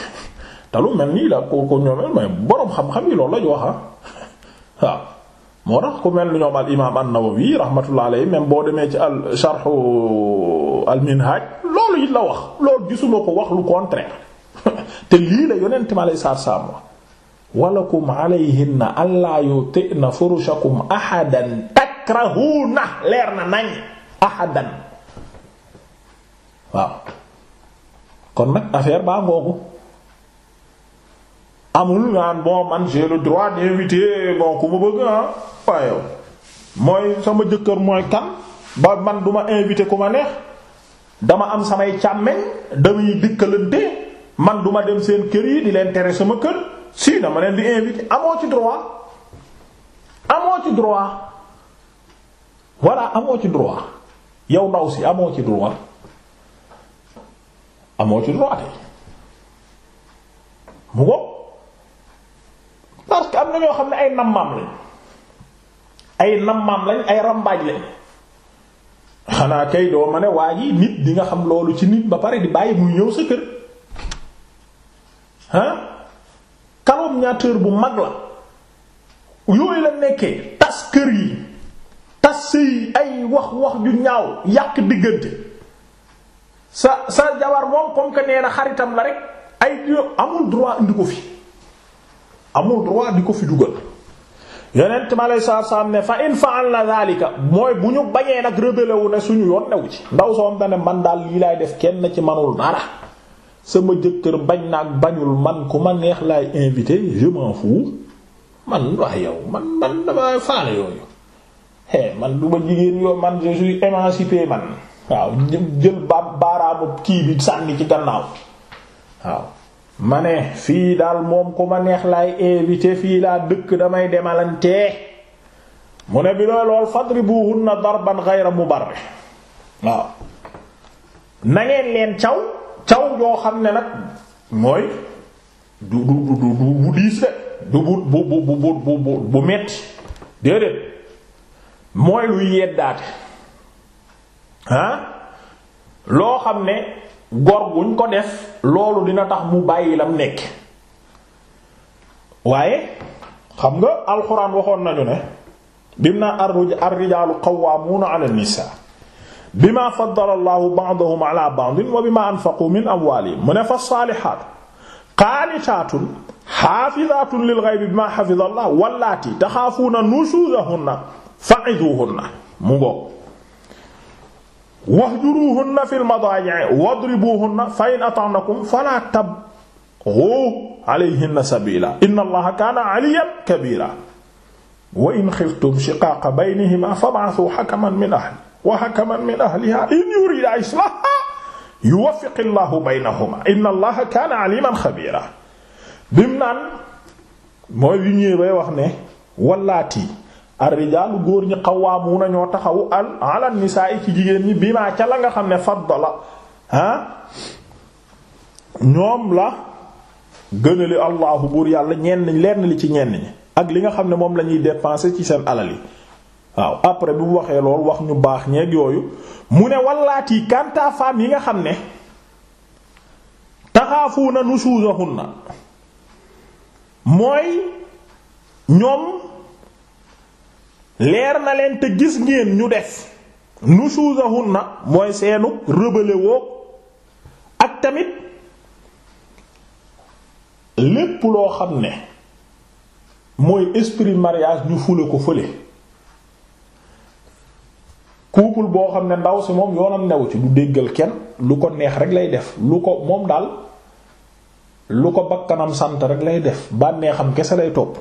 te lu mel nii la ko ko ñoomeel boroom xam-xam yi loolu la ñu wax ah. waaw moo tax ku mel ni ñoom al imaam an-Nawawi rahmatullah alayhi boo demee ci al sharhu al minhaj loolu it la wax loolu gisuma ko wax lu contraire te lii la yonent ma lay saar saam wax walakum alayhinna allaa yutina furushakum ahadan takrahuuna leer na nañ ahadan waaw kon nag affaire baa ngoogu amul naan bon man j'ai le droit d'inviter bon ku ma bëgg ah mooy sama jëkkër mooy kan ba man duma inviter ku ma neex dama am samay càmmeñ damay dëkkalante man duma dem seen kër yi di leen tere sama kër si dama leen di inviter amoo ci droit amoo ci droit voilà amoo ci droit yow ndaw si amoo ci droit amoo ci droit mu ngo parce que am na ñoo xam ne ay nammaam lañ ay nammaam lañ ay rambaaj lañ xanaa kay doo ma ne waa ji nit di nga xam loolu ci nit ba pare di bàyyi muy ñëw sa kër ah calomniateur bu mag la yooyu la nekkee tas kër yi tas sëy ay wax wax ju ñaaw yàq diggante sa sa jabar moom comme que na xaritam la rek ay amul droit indi ko fi amul droit di ko fi dugal yonent ma lay saa saa ne fa in fa'alna zalika mooy bu ñu bañee nag rebelle wu ne suñu yoon newu ci ndaw soom da ne man daal lii laay def kenn ci manul dara sama jëkkër bañ naag bañul man ku ma neex laay invité je m'en fous man waaye yow man man dama faale yooyu eh man du ma jigéen yow man je suis man. waaw jël ba baaraamu kii bi sànni ci gannaaw waaw ma ne fii daal moom ku ma neex laay invité fii laa dëkk damay demalantee mu ne bi looy lool fadribuhunna darban ghayra mubarrih waaw na leen caw caw joo xam ne nag mooy du du du du bu diis de du bu bu bu bu bu bu metti déedéet mooy luy yeddaate ah loo xam ne gor ko def loolu dina tax mu bàyyi lam nekk waaye xam nga alxuraan waxoon nañu ne bim naa ar-rijaalu qawwaamuuna 'ala an-nisaa bimaa faddala Allahu ba'dahum 'alaa ba'din wa bimaa anfaquu min amwaalihim mu ne fas-saalihaatu qaanitaatun haafizaatun lil-ghaybi bimaa hafiza Allahu wallaatii taxaafuuna nushuuzahunna fa'izuuhunna mu wahjuruhunna fil madaaji' wadribuhunna fa in ata'nakum fala tabghu alayhinna sabila inna allaha kana aliyan kabira wa in khiftum shiqaqa baynihima fab'athu hakaman min ahli wa hakaman min ahliha in yurida islahan yuwaffiq allahu baynahuma inna allaha kana aliman khabira bim naan mooy yu ñëwee bay wax ne wallaati ar góor ñi xawwaamuuna ñoo taxawu al ala nisaa'i ci jigéen ñi bi maa ca la nga xam ne faddala ah ñoom la gënali allahu buur yàlla ñenn lenn li ci ñenn ñi ak li nga xam ne moom lañuy ñuy ci seen alal yi waaw après bu waxee lool wax ñu baax ñeeg yooyu mu ne wallaati kanta femme yi nga xam ne na taxaafuuna na mooy ñoom leer na leen te gis ngeen ñu def na mooy seenu rebelle woo ak tamit lépp loo xam ne mooy esprit mariage ñu fule ko fële couple boo xam ne ndaw si moom yoonam newu ci du déggal kenn lu ko neex rek lay def lu ko moom daal lu ko bakkanam sant rek lay def bànneexam kese lay topp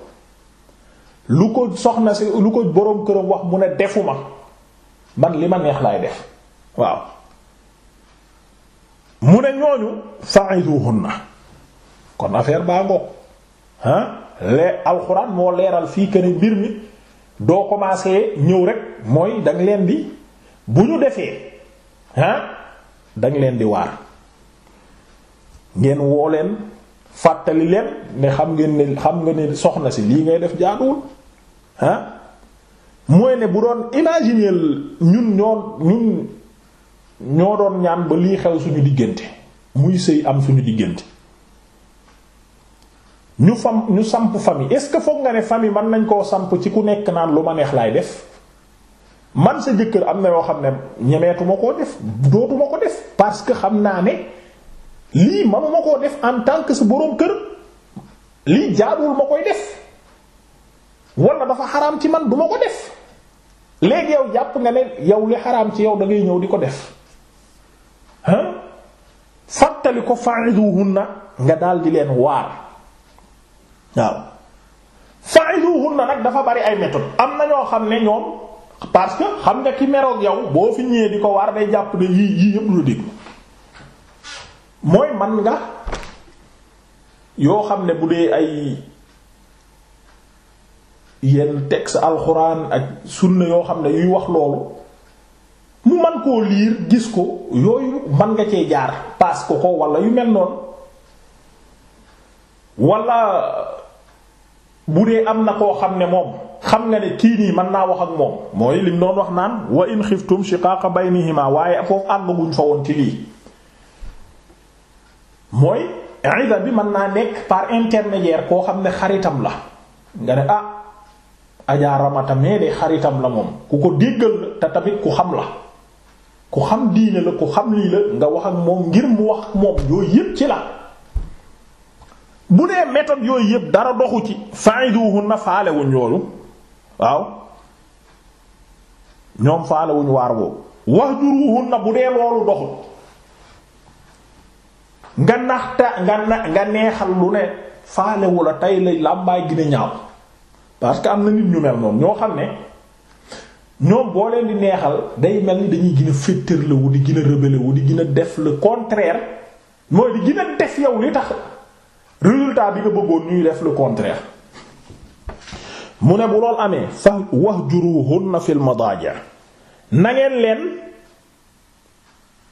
lu ko soxna si lu ko boroom këram wax mu ne defuma man li ma neex laay def waaw mu ne ñooñu na kon affaire baa ngoog ah lee alxuraan moo leeral fii que ne mbir mi doo commencé ñëw rek mooy danga leen di bu ñu defee ah danga leen di waar ngeen woo leen fàttali leen ne xam ngeen ne xam nga ne soxna si lii ngay def jaaduwul ah mooy ne bu doon imaginer ñun ñoo ñun ñoo doon ñaan ba lii xew suñu diggante muy sëy am suñu diggante ñu fam ñu samp fami est-ce que foog nga ne famille man nañ koo samp ci ku nekk naan lu ma neex laay def man sa jëkkër am na yoo xam ne ñemeetuma koo def dootuma ko def parce que xam naa ne lii ma koo def en tant que sa boroom kër lii jaaduwul ma koy def wala dafa xaraam ci man du ma ko def léegi yow jàpp nga ne yow li xaraam ci yow dangay ñëw di ko def ah fàttali ko na nga daal di leen waar waaw fa'iduhunna nag dafa bari ay méthode am na ñoo xam ne ñoom parce que xam nga ki meroog yow boo fi ñëwee di ko waar day jàpp ne yii yii yëpp lu dégg mooy man nga yoo xam ne bu dee ay. yenn texte alxuraan ak sunna yoo xam ne yuy wax loolu mu man koo liir gis ko yooyu man nga cee jaar paas ko ko wala yu mel noonu walla bu dee am na koo xam ne moom xam nga ne kii nii man naa wax ak moom mooy lim doon wax naan wa in xiftum shiqaaqa baynihima waaye foofu àgguñ fa woon ci lii mooy ida bi mën naa nekk par intermédiaire koo xam ne xaritam la nga ne ah ajaa ramata mee de xaritam la moom ku ko déggal la te tamit ku xam la ku xam diine la ku xam lii la nga wax ak moom ngir mu wax moom yooyu yépp ci la bu nee méthode yooyu yépp dara doxu ci fa'iduhun na faalewuñ loolu waaw ñoom faalewuñ waar boobu wahjuruhun na bu dee loolu doxut nga naxta nga na nga neexal lu ne faalewu la tey la làmbaay gën ñaaw parce que am na nit ñu mel noonu ñoo xam ne ñoom boo leen di neexal day mel ni dañuy gën a wu di gën a rebelle di gën def le contraire mooy di gën def yow li tax résultat bi nga bëggoon ñuy def le contraire. mu ne bu lool amee fa wahjuruhunna fil madaaji' na ngeen leen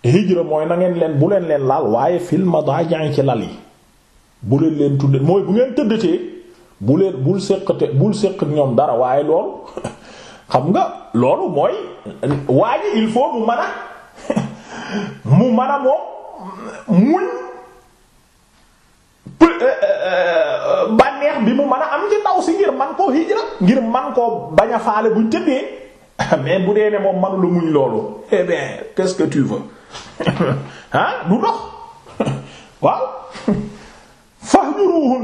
hijra mooy na ngeen leen bu leen leen laal waaye fil madaaji' ci lal yi bu leen leen tudde mooy bu ngeen tëddatee. bu leen bul séqate bul séq ñoom dara waaye loolu xam nga loolu mooy waaye il faut mu mën a mu mën a moom muñ euh, euh, euh, bànneex bi mu mën a am ci ndaw si ngir man koo hijra ngir man koo bañ a faale buñ tëddee mais bu dee ne moom manu muñ loolu eh bien quest tu veux ah du dox waaw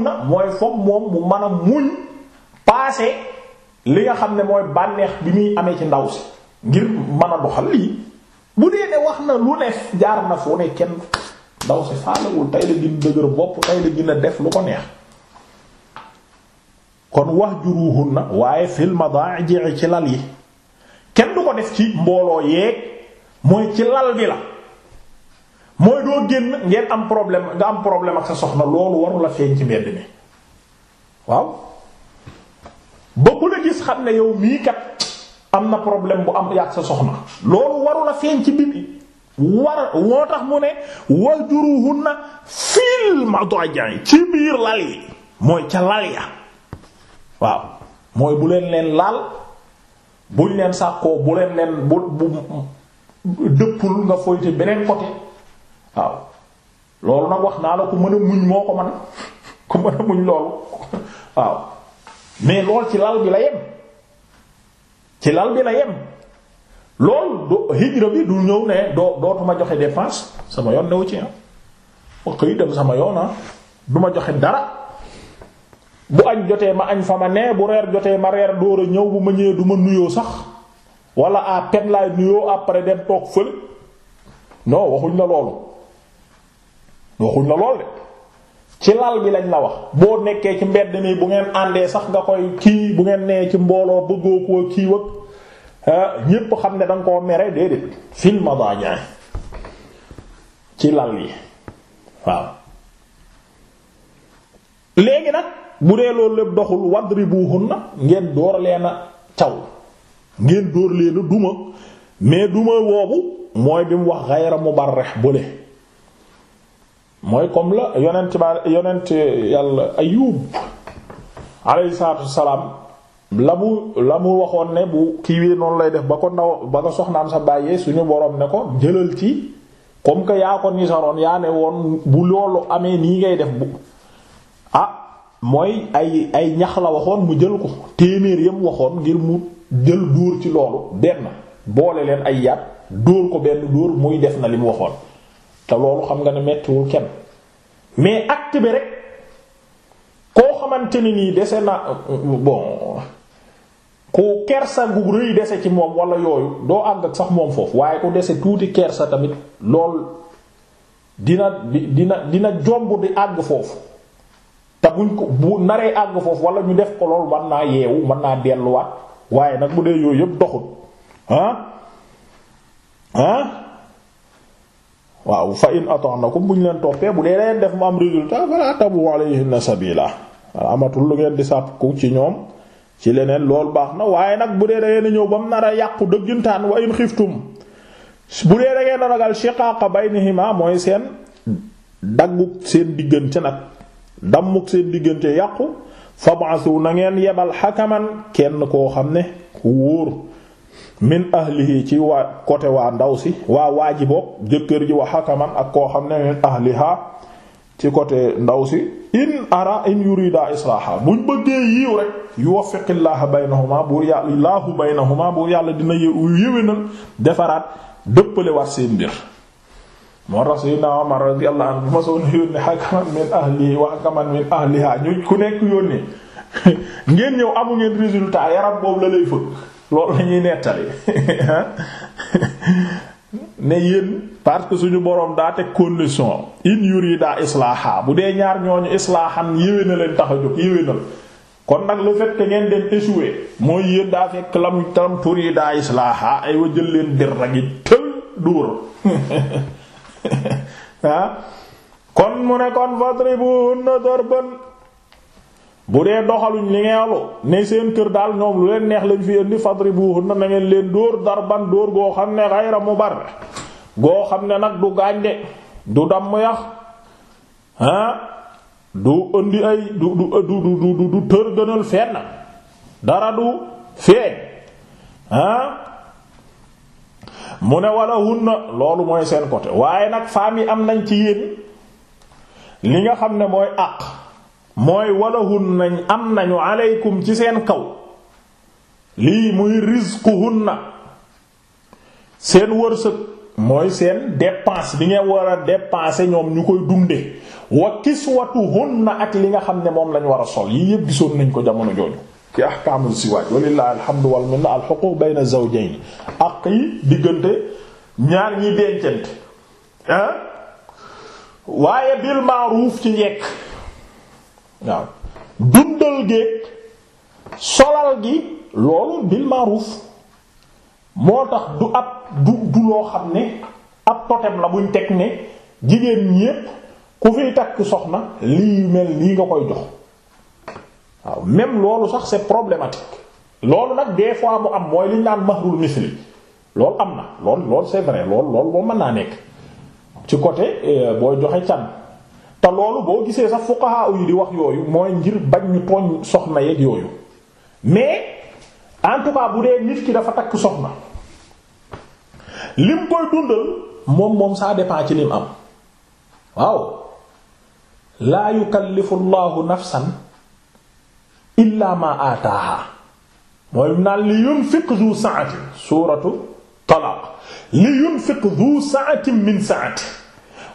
na mooy foog moom mu mën a muñ paase li nga xam ne mooy bànneex bi muy amee ci ndaw si ngir mën a doxal lii bu dee ne wax na lu neef jaar na foo ne kenn ndaw si faalawul tey la gën dëgër bopp tey la gën a def lu ko neex kon na waaye fil madaaji ci lal yi kenn du ko def ci mbooloo yeeg mooy ci lal bi la mooy doo génn ngeen am problème nga am problème ak sa soxna loolu warula feeñ ci mbedd mi waaw ba ku la gis xam ne yow mii kat am na problème bu am yàgg sa soxna loolu warula feeñ ci bibi war moo tax mu ne wajuruhunna fil madaji biir lal yi mooy ca lal ya waaw mooy bu leen leen laal buñ leen sàkkoo bu leen leen bu bu dëppul nga foyte beneen côté waaw loolu nag wax naa la ku mën a muñ moo ko mën ku mën a muñ loolu waaw mais lool ci lal bi la yem ci lal bi la yem loolu do hijra bi du ñëw ne doo dootuma joxe dépense sama yoon newu ci ah ma xëy dem sama yoon ah du ma joxe dara bu añ jotee ma añ fa ma ne bu reer jotee ma reer door a ñëw bu ma ñëwee du ma nuyoo sax walla à peine laay nuyoo après dem toog fël non waxuñ la loolu. waxuñ la lool de ci lal bi lañ la wax boo nekkee ci mbedd mi bu ngeen àndee sax nga koy kii bu ngeen nee ci mbooloo bëggoo koo kii wëg ah, ñépp xam ne danga koo mere déedéet fil madaañaay ci lal yi waaw léegi nag bu dee loolu lépp doxul wadribuhunna ngeen door leen a caw ngeen door leen a duma mais duma woobu mooy bi mu wax mu bar mubarrih bële mooy comme la yonent ba yonent yàlla ayub alayhi salaatu salaam la mu la mu waxoon ne bu kiiwee noonu lay def ba ko ndaw ba ko soxnaam sa bàyyee suñu borom ne ko jëlal ci comme que yaa ko nisaroon yaa ne woon bu loolu amee nii ngay def bu ah mooy ay ay ñax la waxoon mu jël ko téeméer yam waxoon ngir mu jël dóor ci loolu benn boole leen ay yat dóor ko benn dóor muy def na li mu waxoon te loolu xam nga ne mettiwul kenn mais acte bi rek koo xamante ni nii dese naa bon ku kersa gu rëy dese ci moom wala yooyu doo àgg ak sax moom foofu waaye ku dese tuuti kersa tamit lool dina dina dina jomb di àgg foofu te buñ ko bu naree àgg foofu wala ñu def ko lool mën naa yeewu mën naa delluwaat waaye nag mu dee yooyu yëpp doxut ah ah waaw fa in ata'nakum bu ñu leen toppee bu dee leen def mu am résultat fala tabu alayhinna sabila amatul lu ngeen di ku ci ñoom ci leneen loolu baax na waaye nag bu dee da na ñëw ba mu nar a yàqu dëggintaan wa in xiftum bu dee da ngeen a ragal shiqaqa baynihima mooy seen dagguk seen diggante nag dammuk seen diggante yàqu fab'asu wu nangeen yebal xakaman kenn koo xam ne ku wóor min ahlihi ci waa côté waa ndaw si waa waa ji bopp jëkkër ji wa hakaman ak koo xam ne min ahliha ci côté ndaw si in ara in yurida islaha buñ bëggee yiiw rek yuwaffiqillaaha baynahuma buur yàlla laahu baynahuma buur yàlla dina yéwénal defaraat dëppale war seen mbir moo tax sayyidina Umar radiyallahu anhu bu ma soon yónni hakaman min ahlihi wa hakaman min ahliha ñu ku nekk yónni ngeen ñëw amu ngeen résultat yaram boobu la lay fëgg loolu la ñuy nettali ne yéen parce que suñu boroom daa teg condition in yurida islaaha bu dee ñaar ñooñu islaahan yéwé na leen jóg yéwé kon nag lu fait ngeen dem échoué mooy yéen daa fekk lam tam turida islaaha ay wa jël leen dir rek tël duur ah kon mu ne kon fadribun darban bu dee doxaluñ li ngeelu ne seen kër daal ñoom lu leen neex lañ fi indi fadri buuxun na ngeen leen dóor ban dóor goo xam ne xayra mu bar goo xam ne nag du gaañ de du damm yax ah, du indi ay du du du du du tër gënal fenn dara du feeñ ah mu ne wala hunna loolu mooy seen côté waaye nag femmes yi am nañ ci yéen li nga xam ne mooy àq mooy walahun nañ am nañu aleykum ci seen kaw lii muy na seen wërsëg mooy seen dépense bi ngeen war a dépenser ñoom ñu koy dunde wa kiswatuhunna ak li nga xam ne moom lañ war a sol yii yépp gisoon nañ ko jamono jooju ci ahkaamul siwaaj walillahi alhamdu wal minna al huquq bayna zawjayn ak yi diggante ñaar ñi dencante ah? waaye bil ma'ruf ci njekk waaw dundal géeg solal gi loolu bil ma'ruf moo tax du ab du du loo xam ne ab totem la buñ teg ne jigéen ñépp ku fiy takk soxna lii mel lii nga koy jox waaw même loolu sax c'est problématique loolu nag des fois mu am mooy li ñu naan mahrul misli loolu am na lool loolu c'est vrai loolu loolu boo mën naa nekk ci côté euh, booy joxe can te loolu boo gisee sax fuqaha yi di wax yooyu mooy ngir bañ ñu tooñ soxna yeeg yooyu mais en bu dee nit ki dafa takk soxna lim koy dundal moom moom ça dépend ci lim am waaw laa yukallifu llahu nafsan illa ma ataaha mooy naan li yunfiq zu sa'ati suratu talaq li yunfiq zu sa'atin min sa'ati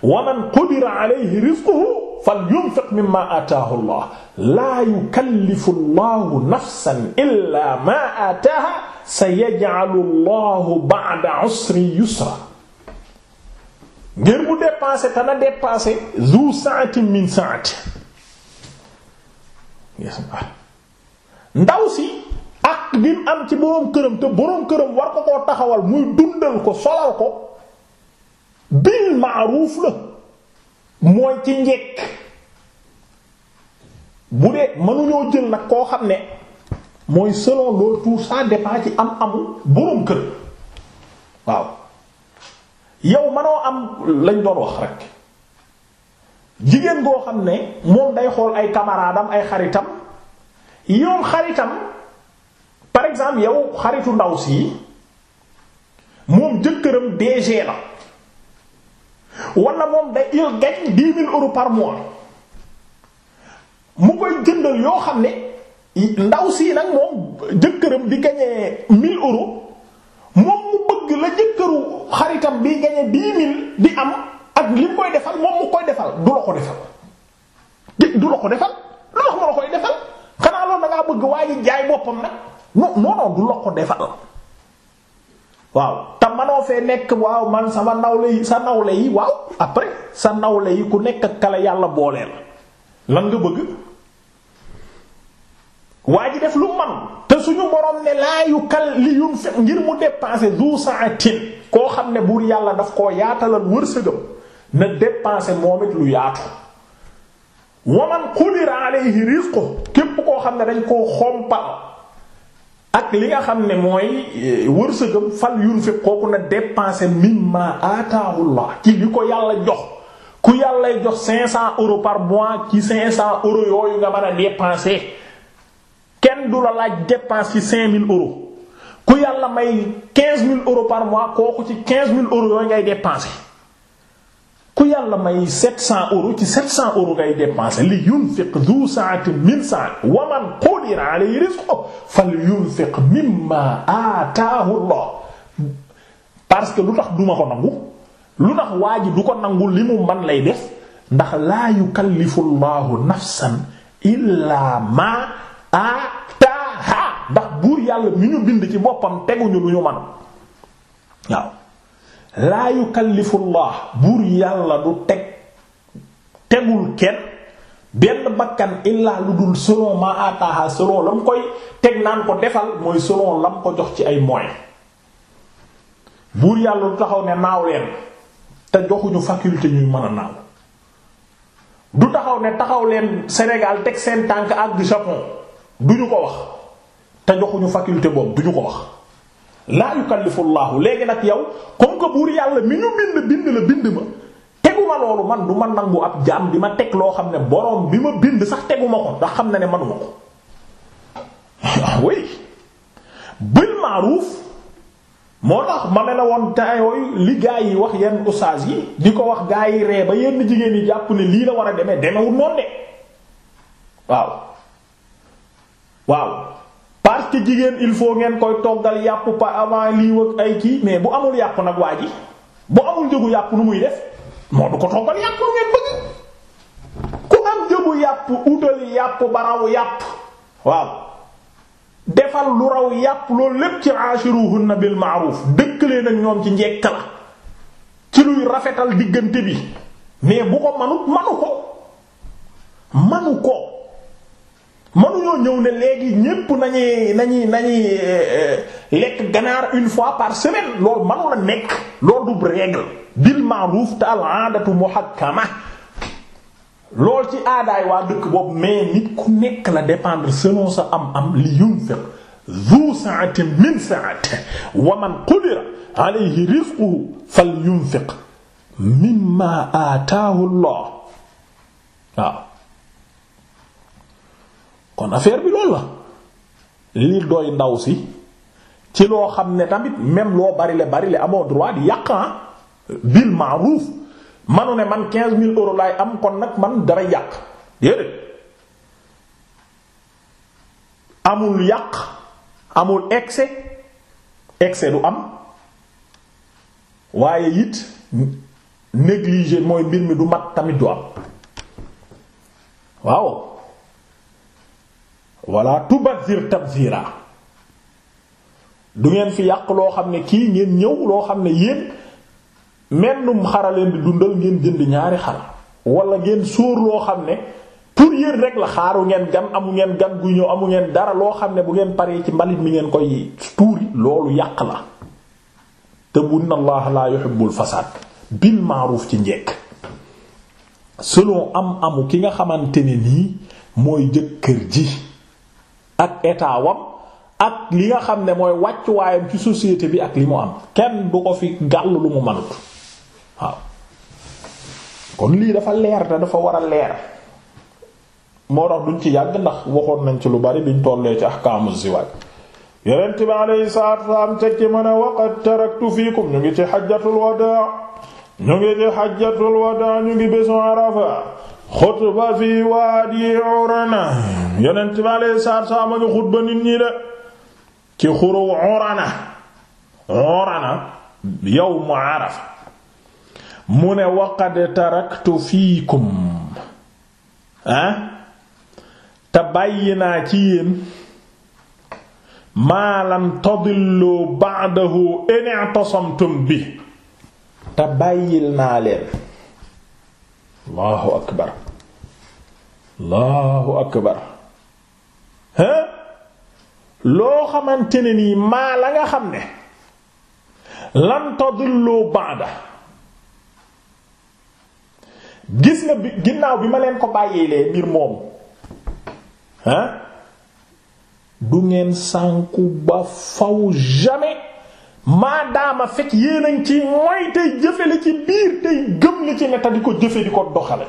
wa man qudira alayhi rizquhu falyunfiq mimma ataahu llah laa yukallifu llahu nafsan illa ma ataaha sayaj'alu llahu ba'da usri yusra ngir mu dépensé te na dépensé zu sa'atin min sa'ati ndaw si ak lim am ci boroom këram te boroom këram war ko koo taxawal muy dundal ko solal ko bil maaruuf la mooy ci njekk bu dee mënuñoo jël nag koo xam ne mooy selon loolu tout ça dépend ci am amu boroom kër waaw yow manoo am lañ doon wax rek jigéen goo xam ne moom day xool ay camaraadam ay xaritam yow xaritam par exemple yow xaritu ndaw si moom jëkkëram DG la wala moom da il gagne dix mille euros par mois mu koy jëndal yoo xam ne ndaw sii nag moom jëkkëram di gagner mille euros moom mu bëgg la jëkkëru xaritam bi gagner dix mille di am ak li mu koy defal moom mu koy defal du la ko defal du la ko defal lu la koy defal xanaa loolu da bëgg waa ji jaay boppam nag non la ko defal waaw manoo fee nekk waaw man sama nawle yi sa nawle yi waaw après sa nawle yi ku nekk ak kala yàlla booleel lan nga bëgg waa ji def lu man te suñu borom ne yu kal li yun fi ngir mu dépenser du saatin koo xam ne buur yàlla daf koo yaatalal wërsëgam na dépenser moom it lu yaatu waman qudira alayhi rizqu képp koo xam ne dañ koo xompal ak li nga xam ne mooy eh, wërsëgam fal yunfiq kooku na dépenser mimma ataahullah ci li ko yàlla jox ku yàllay jox cinq cent euros par mois ci cinq cent euros yooyu nga mën a dépenser kenn du la laaj dépense ci cinq mille euros ku yàlla may quinze mille euros par mois kooku ci quinze mille euros yooyu ngay dépenser ku yàlla may 700 euros ci 700 euros ngay dépenser li yunfiq du sa'atin min sa'at wa man qudira alayhi rizquhu falyunfiq mimma ataahu Allah parce que lu tax duma ko nangu lu tax waa ji du ko nangu li mu man lay def ndax laa yukallifu Allahu nafsan illaa maa ataaha ndax buur yàlla mi ñu bind ci boppam teguñu lu ñu man waaw laa yukallifullah buur yàlla du teg tegul kenn benn bakkan illaa lu dul selon ma ataaha selon la mu koy teg naan ko defal mooy selon lam ko jox ci ay moyens buur yàlla du taxaw ne naaw leen te joxuñu faculté ñuy mana naaw du taxaw ne taxaw leen Sénégal teg seen tànk ak Japon duñu ko wax te joxuñu faculté boobu duñu ko wax laa yukallifu llaahu léegi nag yow comme que buur yàlla mi ñu bind bind la bind ma teguma loolu man du man nangu ab jaam di ma teg loo xam ne boroom bi ma bind sax teguma ko ndax xam na ne manuma ko oui moo ma ne la woon taayooyu li yi wax yenn ustaas yi di ko wax gaa yi ree ba yenn jigéen yi jàpp lii la war a demee demewul noonu de waaw waaw parce que jigéen il faut ngeen koy toggal yàpp pa avant lii wëg ay kii mais bu amul yàpp nag waa ji bu amul njëgu yàpp nu muy def moo du ko toggal yàpp ngeen bëgg ku am njëgu yàpp utali yàpp loolu lépp ci ashiruhunna bil ma'ruf dëkkalee nag ñoom ci njekk la ci luy rafetal diggante bi mais bu ko manut manu ko manu ko mënuñoo ñëw ne léegi ñépp nañuy nañuy nañuy eh, eh, lekk ganaar une fois par semaine loolu mënu la nekk loolu du règle bil ma'ruf ci aadaay waa dëkk boobu mais nit ku nekk la dépendre selon am-am li yunfiq zu sa'atin min sa'atihi wa man qudira alayhi rizquhu falyunfiq mimma aataahu Allah kon affaire bi loolu la lii doy ndaw si ci loo xam ne tamit même loo bari le bari le amoo droit di yàq ah. bil ma'ruf manu ne man 15000 euros laay am kon nag man dara yàq déedéet amul yàq amul excès excès du am waaye it négligé mooy mbir mi du mat tamit du am waaw. wala tubazir tabzira du ngeen fi yàq loo xam ne kii ngeen ñëw loo xam ne yéen mennum xaraleen di dundal ngeen jënd ñaari xar wala ngeen sóor loo xam ne pour yéen rek la xaaru ngeen gan amu ngeen gan gu ñëw amu ngeen dara loo xam ne bu ngeen paree ci mbalit mi ngeen koy tuuri loolu yàq la te bu inna allah la yuhibbul fasad bil ma'ruf ci njekk selon am amu ki nga xamante ne nii mooy jëkkër ji ak état wam ak li nga xam ne mooy wàccuwaayam ci société bi ak li mu am kenn du ko fi gàll lu mu manut waaw kon lii dafa leer te dafa war a leer moo tax duñ ci yàgg ndax waxoon nañ ci lu bari biñ tollee ci ahkaamu ziwaaj yonent bi alayhi salaatu wassalaam teg ci mën a waqad taraktu fiikum ñu ngi ci xajjatul wadaa ñu ngi ci xajjatul wadaa ñu ngi bésu arafa xutba fi waadi urana yonent bi alayhi salaatu xutba nit ñi de ci xuru urana urana yawmu arafa mu ne waqad taraktu fiikum ah te bàyyi naa ci yéen maa lam tadillu ba'dahu in i'tasamtum bi te bàyyil naa leen allahu akbar allahu akbar hein loo xamante ne nii maa la nga xam ne lan tadillu ba'da gis nga ginnaaw bi ma leen ko bàyyilee mbir moomu hein du ngeen sànku ba faw jamais maadaama fekk yéenañ ci mooy tey jëfe la ci biir tey gëm la ci netta di ko jëfe di ko doxale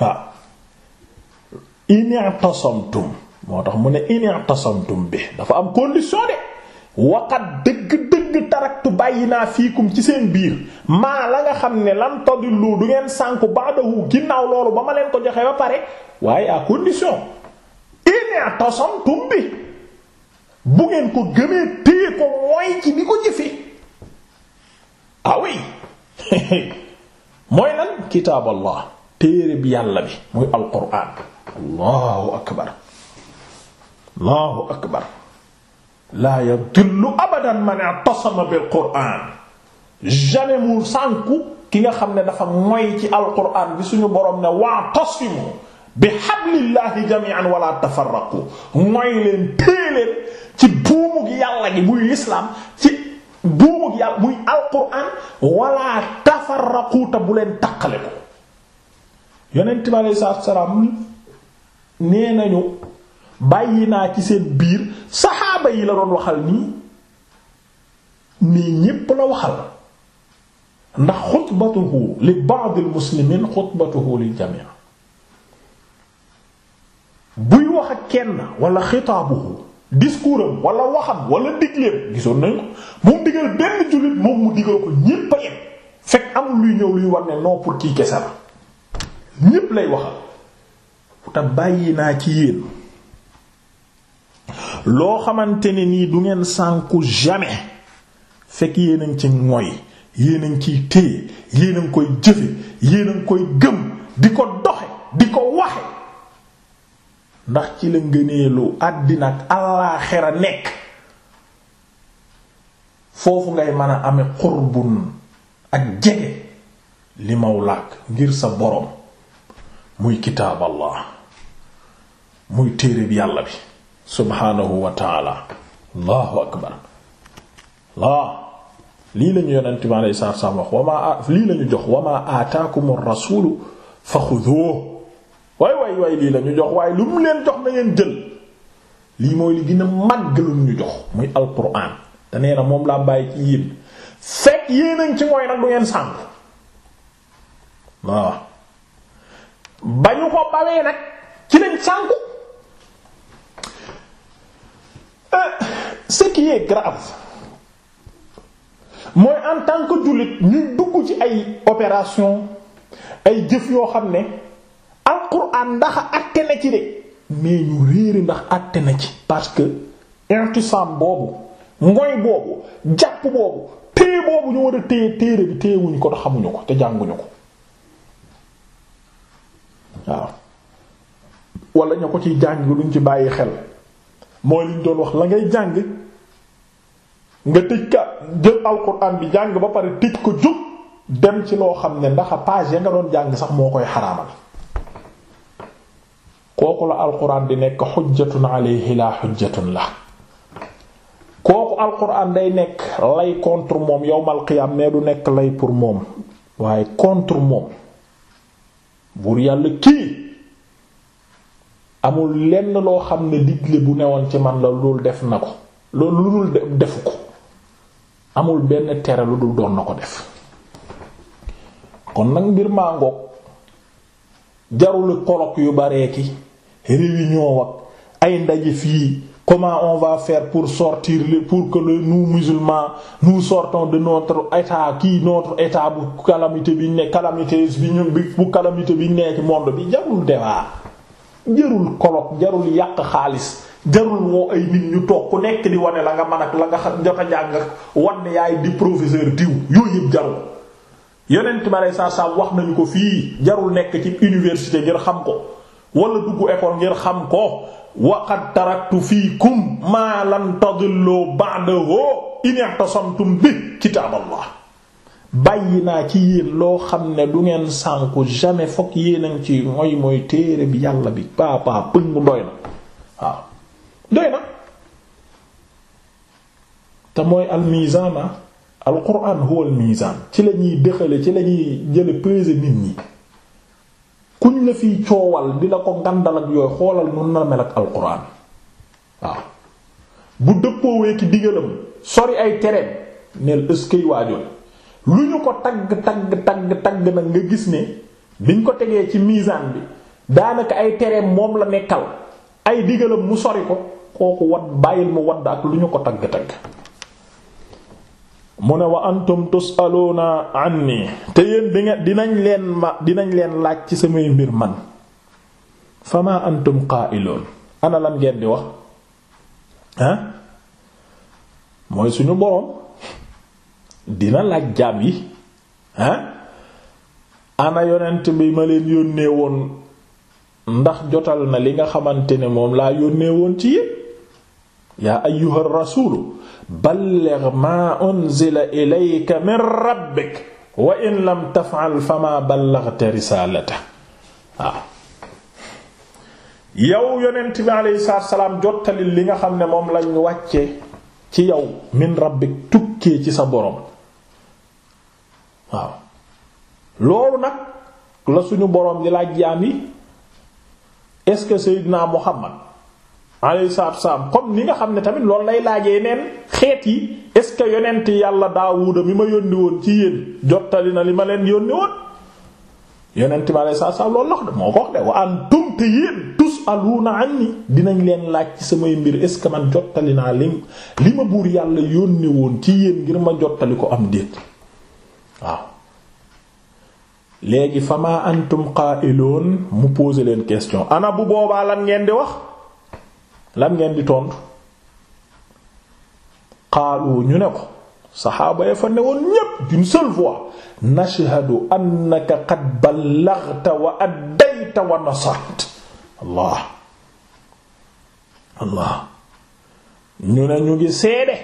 waaw in i'tasamtum moo tax mu ne in i'tasamtum bi dafa am condition de waqat dëgg-dëgg taraktu bàyyi naa fiikum ci seen biir maa la nga xam ne lan tadillu du ngeen sànku ba'dahu ginnaaw loolu ba ma leen ko joxe ba pare waaye à condition in i'tasamtum bi bu ngeen ko gëmee téye ko mooy ci bi ko jëfee ah oui mooy lan kitaaballah téere bi yàlla bi muy alquran allahu akbar allahu akbar laa yadillu man i'tasama bil quran jamais mu sànku ki nga xam ne dafa moy ci alquran bi suñu borom ne wa'tasimu bi hablillahi jami'an wala tafarraqu moy leen ci buumug yàlla gi muy lislaam ci buumug yàlla muy alquran wala tafarraquuta bu leen taqale ko yonent bi salaam nee nañu bàyyi naa ci seen biir saxaaba yi la doon waxal nii nii ñépp la waxal ndax xutbatuhu li ba'd al xutbatuhu lil jami' buy wax ak kenn wala xitaabuhu discours am wala waxam wala digleem gisoon nañ ko moom digal benn jullit moom mu digal ko ñépp a fekk amul luy ñëw luy war ne non pour kii kese la ñépp lay waxal te bàyyi naa ci yéen loo xamante ne nii du ngeen sànku jamais fekk yéen a ngi ci moy yéen a ciy téye yéen koy jëfe yéen a koy gëm di ko doxe di ko waxe ndax ci la ngëneelu àddina ak allaaxira nekk foofu ngay mën a ame xurbun ak jege li mawlaak ngir sa borom muy kitaab allah muy téere bi yàlla bi subhaanahu wa taala allahu akbar laa lii lañu yonent bi alayhi salaatu wa salaam wax wamaa lii lañu jox wamaa aataakumu rasuulu fa way way way lii la jox waaye lu mu leen jox na ngeen jël lii mooy li gën a màgg lu ñu jox muy alquran te nee na moom laa bàyyi ci yéen fekk yéenañ ci mooy nag du ngeen sànk waaw ba ñu ko balee nag ci lañ sànku euh, ce qui est mooy en tant que jullit ñu dugg ci ay opération ay jëf yoo xam ne alquran ndax àtte na ci de mais ñu réeri ndax atte na ci parce que intisam boobu ngoy boobu jàpp boobu téye boobu ñu war a téye téere bi téyewuñu ko te xamuñu ko te jànguñu ko waaw wala ña ko ciy jàng duñ ci bàyyi xel mooy liñ doon wax la ngay jàng nga tëj ka jël alquran bi jàng ba pare tëj ko jóg dem ci loo xam ne ndax page ya nga doon jàng sax moo koy xaraamal kooku la alquran di nekk xujjatun alayhi la xujjatun la kooku alquran day nekk lay contre moom yowmal qiyaam mais du nekk lay pour moom waaye contre moom buur yàlla kii amul lenn loo xam ne digle bu newoon ci man la lu dul def na ko loolu lu dul defu ko amul benn tere lu dul doon na ko def kon nag mbir maa ngoog jarul colloque yu baree ki réunion ak ay ndaje fii comment on va faire pour sortir pour que le nous musulmans nous sortons de notre état kii notre état bu calamité bi ne calamité bi ñu bu calamité bi nekk monde bi jarul débat jarul colloque jarul yàq xaalis jarul moo ay nit ñu toog ku nekk di wane la nga mën ak la nga xam jot a jàng wan ne yaay di professeur diw yooyu yëpp jarul. yonent bi aleyhi salaam wax nañu ko fii jarul nekk ci université ngir xam ko wala dugg école ngir xam ko waqad taraktu fiikum maa lan tadillu ba'dahu in i'tasamtum bi kitaaballah bàyyi naa ci yéen loo xam ne du ngeen sànku jamais fokk yéen ci mooy mooy téere bi yàlla bi paapaa pëng doy na waaw doy na te mooy almizaana al quran huwa al ci la ñuy dëxale ci lañuy ñuy jële peser nit ñi kuñ la fiy coowal di la ko ngandal ak xoolal nun na mel ak al quran waaw bu dëppoowee ki digalam sori ay tereem neel ëskey waajol lu ñu ko tagg tagg tagg tagg nag nga gis ne biñ ko tegee ci mizan bi daanaka ay tereem moom la nekkal ay digalam mu sori ko kooku wadd bàyyil mu wadd ak lu ñu ko tagg tagg mu ne wa antum tusaluuna anni te yéen di nga dinañ leen ma dinañ leen laaj ci samay mbir man fama antum qaailoon ana lan ngeen di wax ah mooy suñu boroom dina laaj jaam yi ah ana yonent bi ma leen yónnee woon ndax jotal na li nga xamante ne moom laa yónnee woon ci yépp yaa ayyuha rasulu balligh ma unzila ilayka min rabbik wa in lam taf'al fama ballaghta risalata waaw yow yonent bi alayhi salaam jottali li nga xam ne moom lañ wàcce ci yow min rabbik tukkee ci sa boroom waaw loolu nag la suñu boroom di laaj jaam yi est-ce que Seydina Muhammad alayhi salaatu wasalaam comme ni nga xam ne tamit loolu lay laajee neen xeet yi est-ce que yonent yàlla daawuda mi ma yónni woon ci yéen jottali na li ma leen yónni woon yonent bi alayhi salaatu wasalaam dinañ leen laaj ci samay mbir est-ce que man jottali naa li li ma buur yàlla yónni woon ci yéen ngir ma jottali ko am déet waaw léegi fa ma antum qaa'iluun mu poser leen question ana bu boobaa lan ngeen di wax lan ngeen di tontu qaalu ñu ne ko saxaaba ya fa ne woon ñépp d'une seule voix nashhadu annaka qad ballaghta wa addayta wa nasahta allah allah ñu ne ñu ngi seede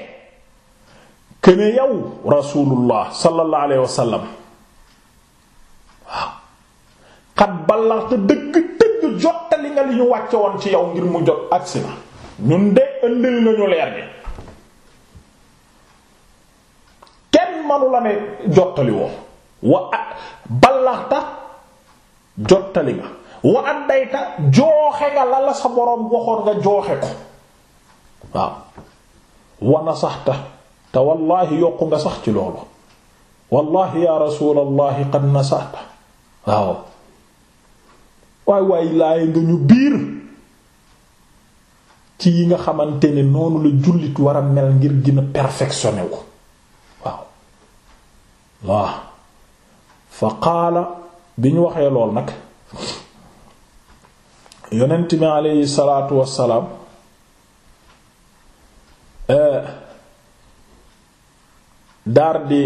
këne yow rasulullah sallallahu alayhi wa waaw qad ballaghta dëgg nga li ñu wàcce woon ci yaw ngir mu jot agsi na ñun de ëndil nga ñu leer bi kenn manu la ne jottali woo wa at ballaxta jottali nga wa at dayta jooxe nga la la sa boroom waxoon nga jooxe ko waaw wana saxta te wallaahi yokku nga sax ci loolu wallaahi yaa rasuulallahi qad nasaxta waaw waay waay laay nga ñu biir ci yi nga xamante ni noonu la jullit war a mel ngir gën a perfectionné wu waaw waaw fa qaala bi ñu waxee lool nag yonent bi aleyhi salaatu wassalaam eh, daldi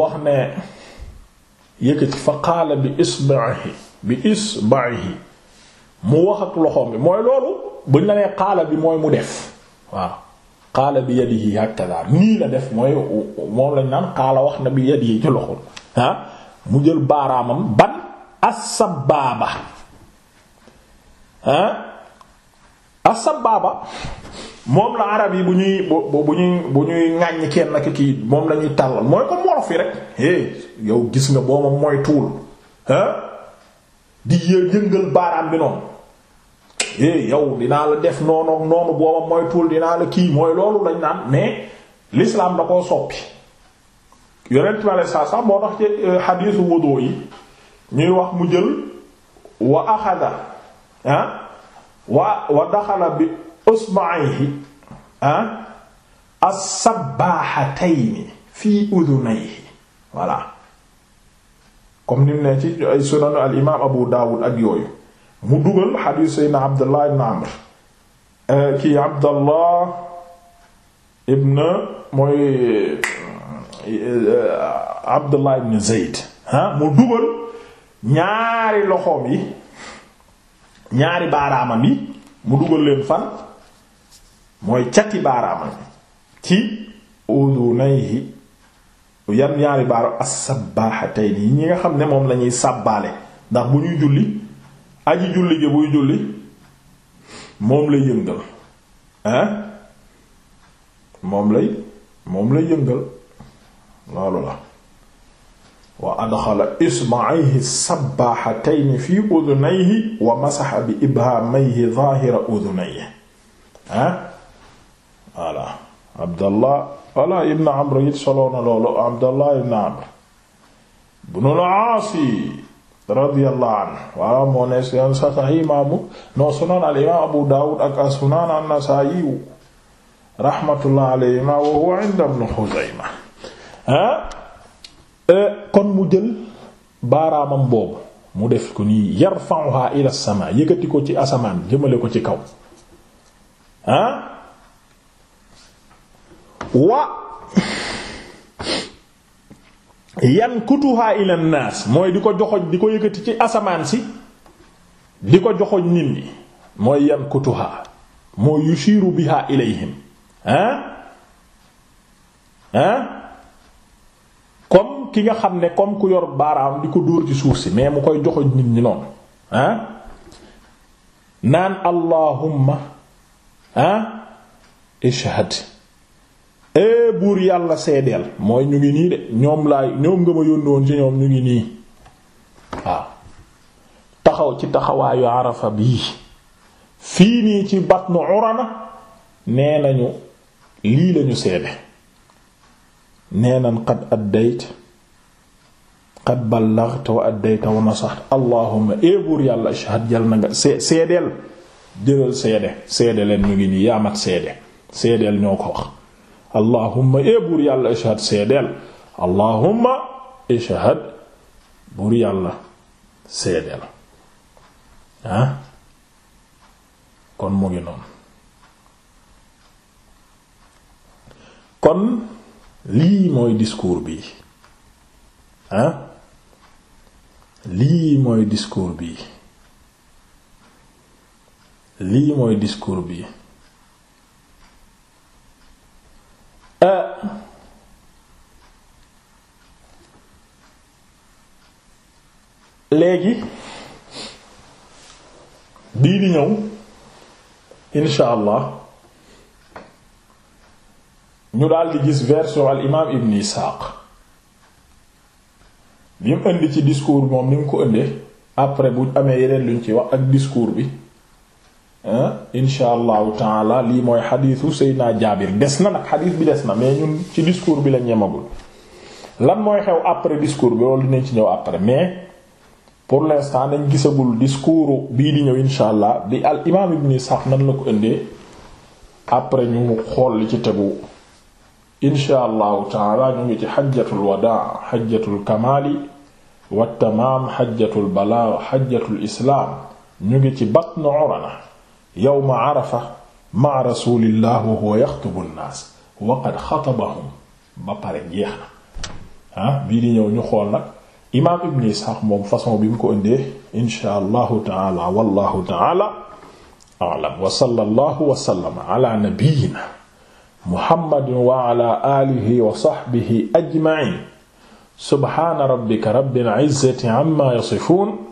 wax ne yëkkati fa qaala bi isba'ihi bi isba'ihi mu wax ak loxoom bi mooy loolu buñ la nee qaala bi mooy mu def waaw bi yadihi hakaza nii la def mooy moom lañ naan qaala wax na bi yadihi ci loxol mu jël baaraamam ban as-sababa ah as-sababa moom la arab yi bu ñuy bu bu ñuy bu ñuy ŋàññ kenn ak kii moom la ñuy tàllal mooy ko morof yi rek eh yow gis nga boo ma mooy tuul ah di yëngal baaraam bi noonu eh yow dinaa la def noonu noonu boo ma mooy tuul dinaa la kii mooy loolu lañ naan mais l'islam da koo soppi. yonent ma la saa sax moo tax ci euh, xadiisu wudu yi ñuy wax mu jël wa axada ah wa wa daxala bi. usbaayhi ah as-sabbaahatayni fii udunayhi voilà comme ni mu ne ci ay sunanu al imaam Abu Dawud ak yooyu mu dugal xadiis Seydina Abdallah ibn Amr eh, kii Abdallah ibn mooy eh, Abdallah ibn Zayd ah mu dugal ñaari loxoom yi ñaari baaraamam yi mu dugal leen fan mooy cati baaraamam ci udunayhi yan ñaari baaru as-sabbahatayni ñi nga xam ne moom lañuy sàbbaale ndax bu ñuy julli aji julli ji buy julli moom la yëngal hein moom lay moom lay yëngal loolu la wa adxala isma'ayhi as-sabbahatayni fi udunayhi wa masaxa bi ibhamayhi zaahira udunayhi hein voilà abdallah voilà ibn amr it soloo na loolu abdallah ibn amr ibnul aas radiyallahu anhu voilà moo ne sa saxi imaamu noo sunan al imaam abu daawud ak as-sunan an-nasaa'i rahmatullah alayhima wa huwa inda ibn xuzayma ah e, kon mu jël baaraamam boobu mu def ko nii yarfa'uha ila as-samaa yëkkati ko ci asamaan jëmale ko ci kaw ah wa yankutuha ila naas mooy di ko joxoñ di ko yëkkati ci asamaan si di ko joxoñ nit ñi mooy yankutuha mooy yushiru biha ilayhim hein hein comme ki nga xam ne comme ku yor baaraam di ko dóor ci suuf si mais mu koy joxoñ nit ñi noonu hein naan allahumma hein ishhad ee eh, buur yàlla seedeel mooy ñu ngi nii de ñoom laay ñoom nga ma yónnoon ci ñoom ñu ngi nii waaw taxaw ci taxawaayu arafa bii fii nii ci batnu urana nee nañu lii lañu seede nee nañ qad addayt qad ballaghta wa addayta wa nasaxta allahumma ee eh, buur yàlla ashhad jal na nga see seedeel jëlal seede seede leen ñu ngi nii yaamat seede seedeel ñoo ko wax allahumma ee eh, buur yàlla ishhad seedeel allahumma ishhad buur yàlla seedeel ah kon mu ngi noonu kon lii mooy diskuur bi ah lii mooy discours bi lii mooy discours bi Euh, léegi bii di ñëw insha allah ñu daal di gis version al imaam ibn Isaaq bi mu indi ci discours moom ni mu ko indee après bu amee yeneen luñ ci wax ak discours bi insha allahu taala lii mooy xadiisu Seydina Jaabir des na nag xadiis bi des na mais ñun ci discours bi la ñemagul lan mooy xew après discours bi loolu dinañ ci ñëw après mais pour l'instant dañ gisagul discours bii di ñëw insha allah bi al imaam ibn Isxaaq nan la ko indee après ñu xool li ci tegu insha allahu taala ñu ngi ci xajjatul wadaa xajjatul kamaali wa tamaam xajjatul balaa xajjatul ñu ngi ci batnu urana yawma arafa ma rasulillah wa huwa yaxtubu nnaas wa qad xatabahum ba pare jeex na ah bii di ñëw ñu xool nag imaam ibn Isxaaq moom façon bi mu ko indee insha allahu taala wallahu taala a'lam wa sallallahu wa sallama ala nabiyyina muhammadin wa ala alihi wa sahbihi ajma'in subhaana rabbika rabbil izzati amma yasifun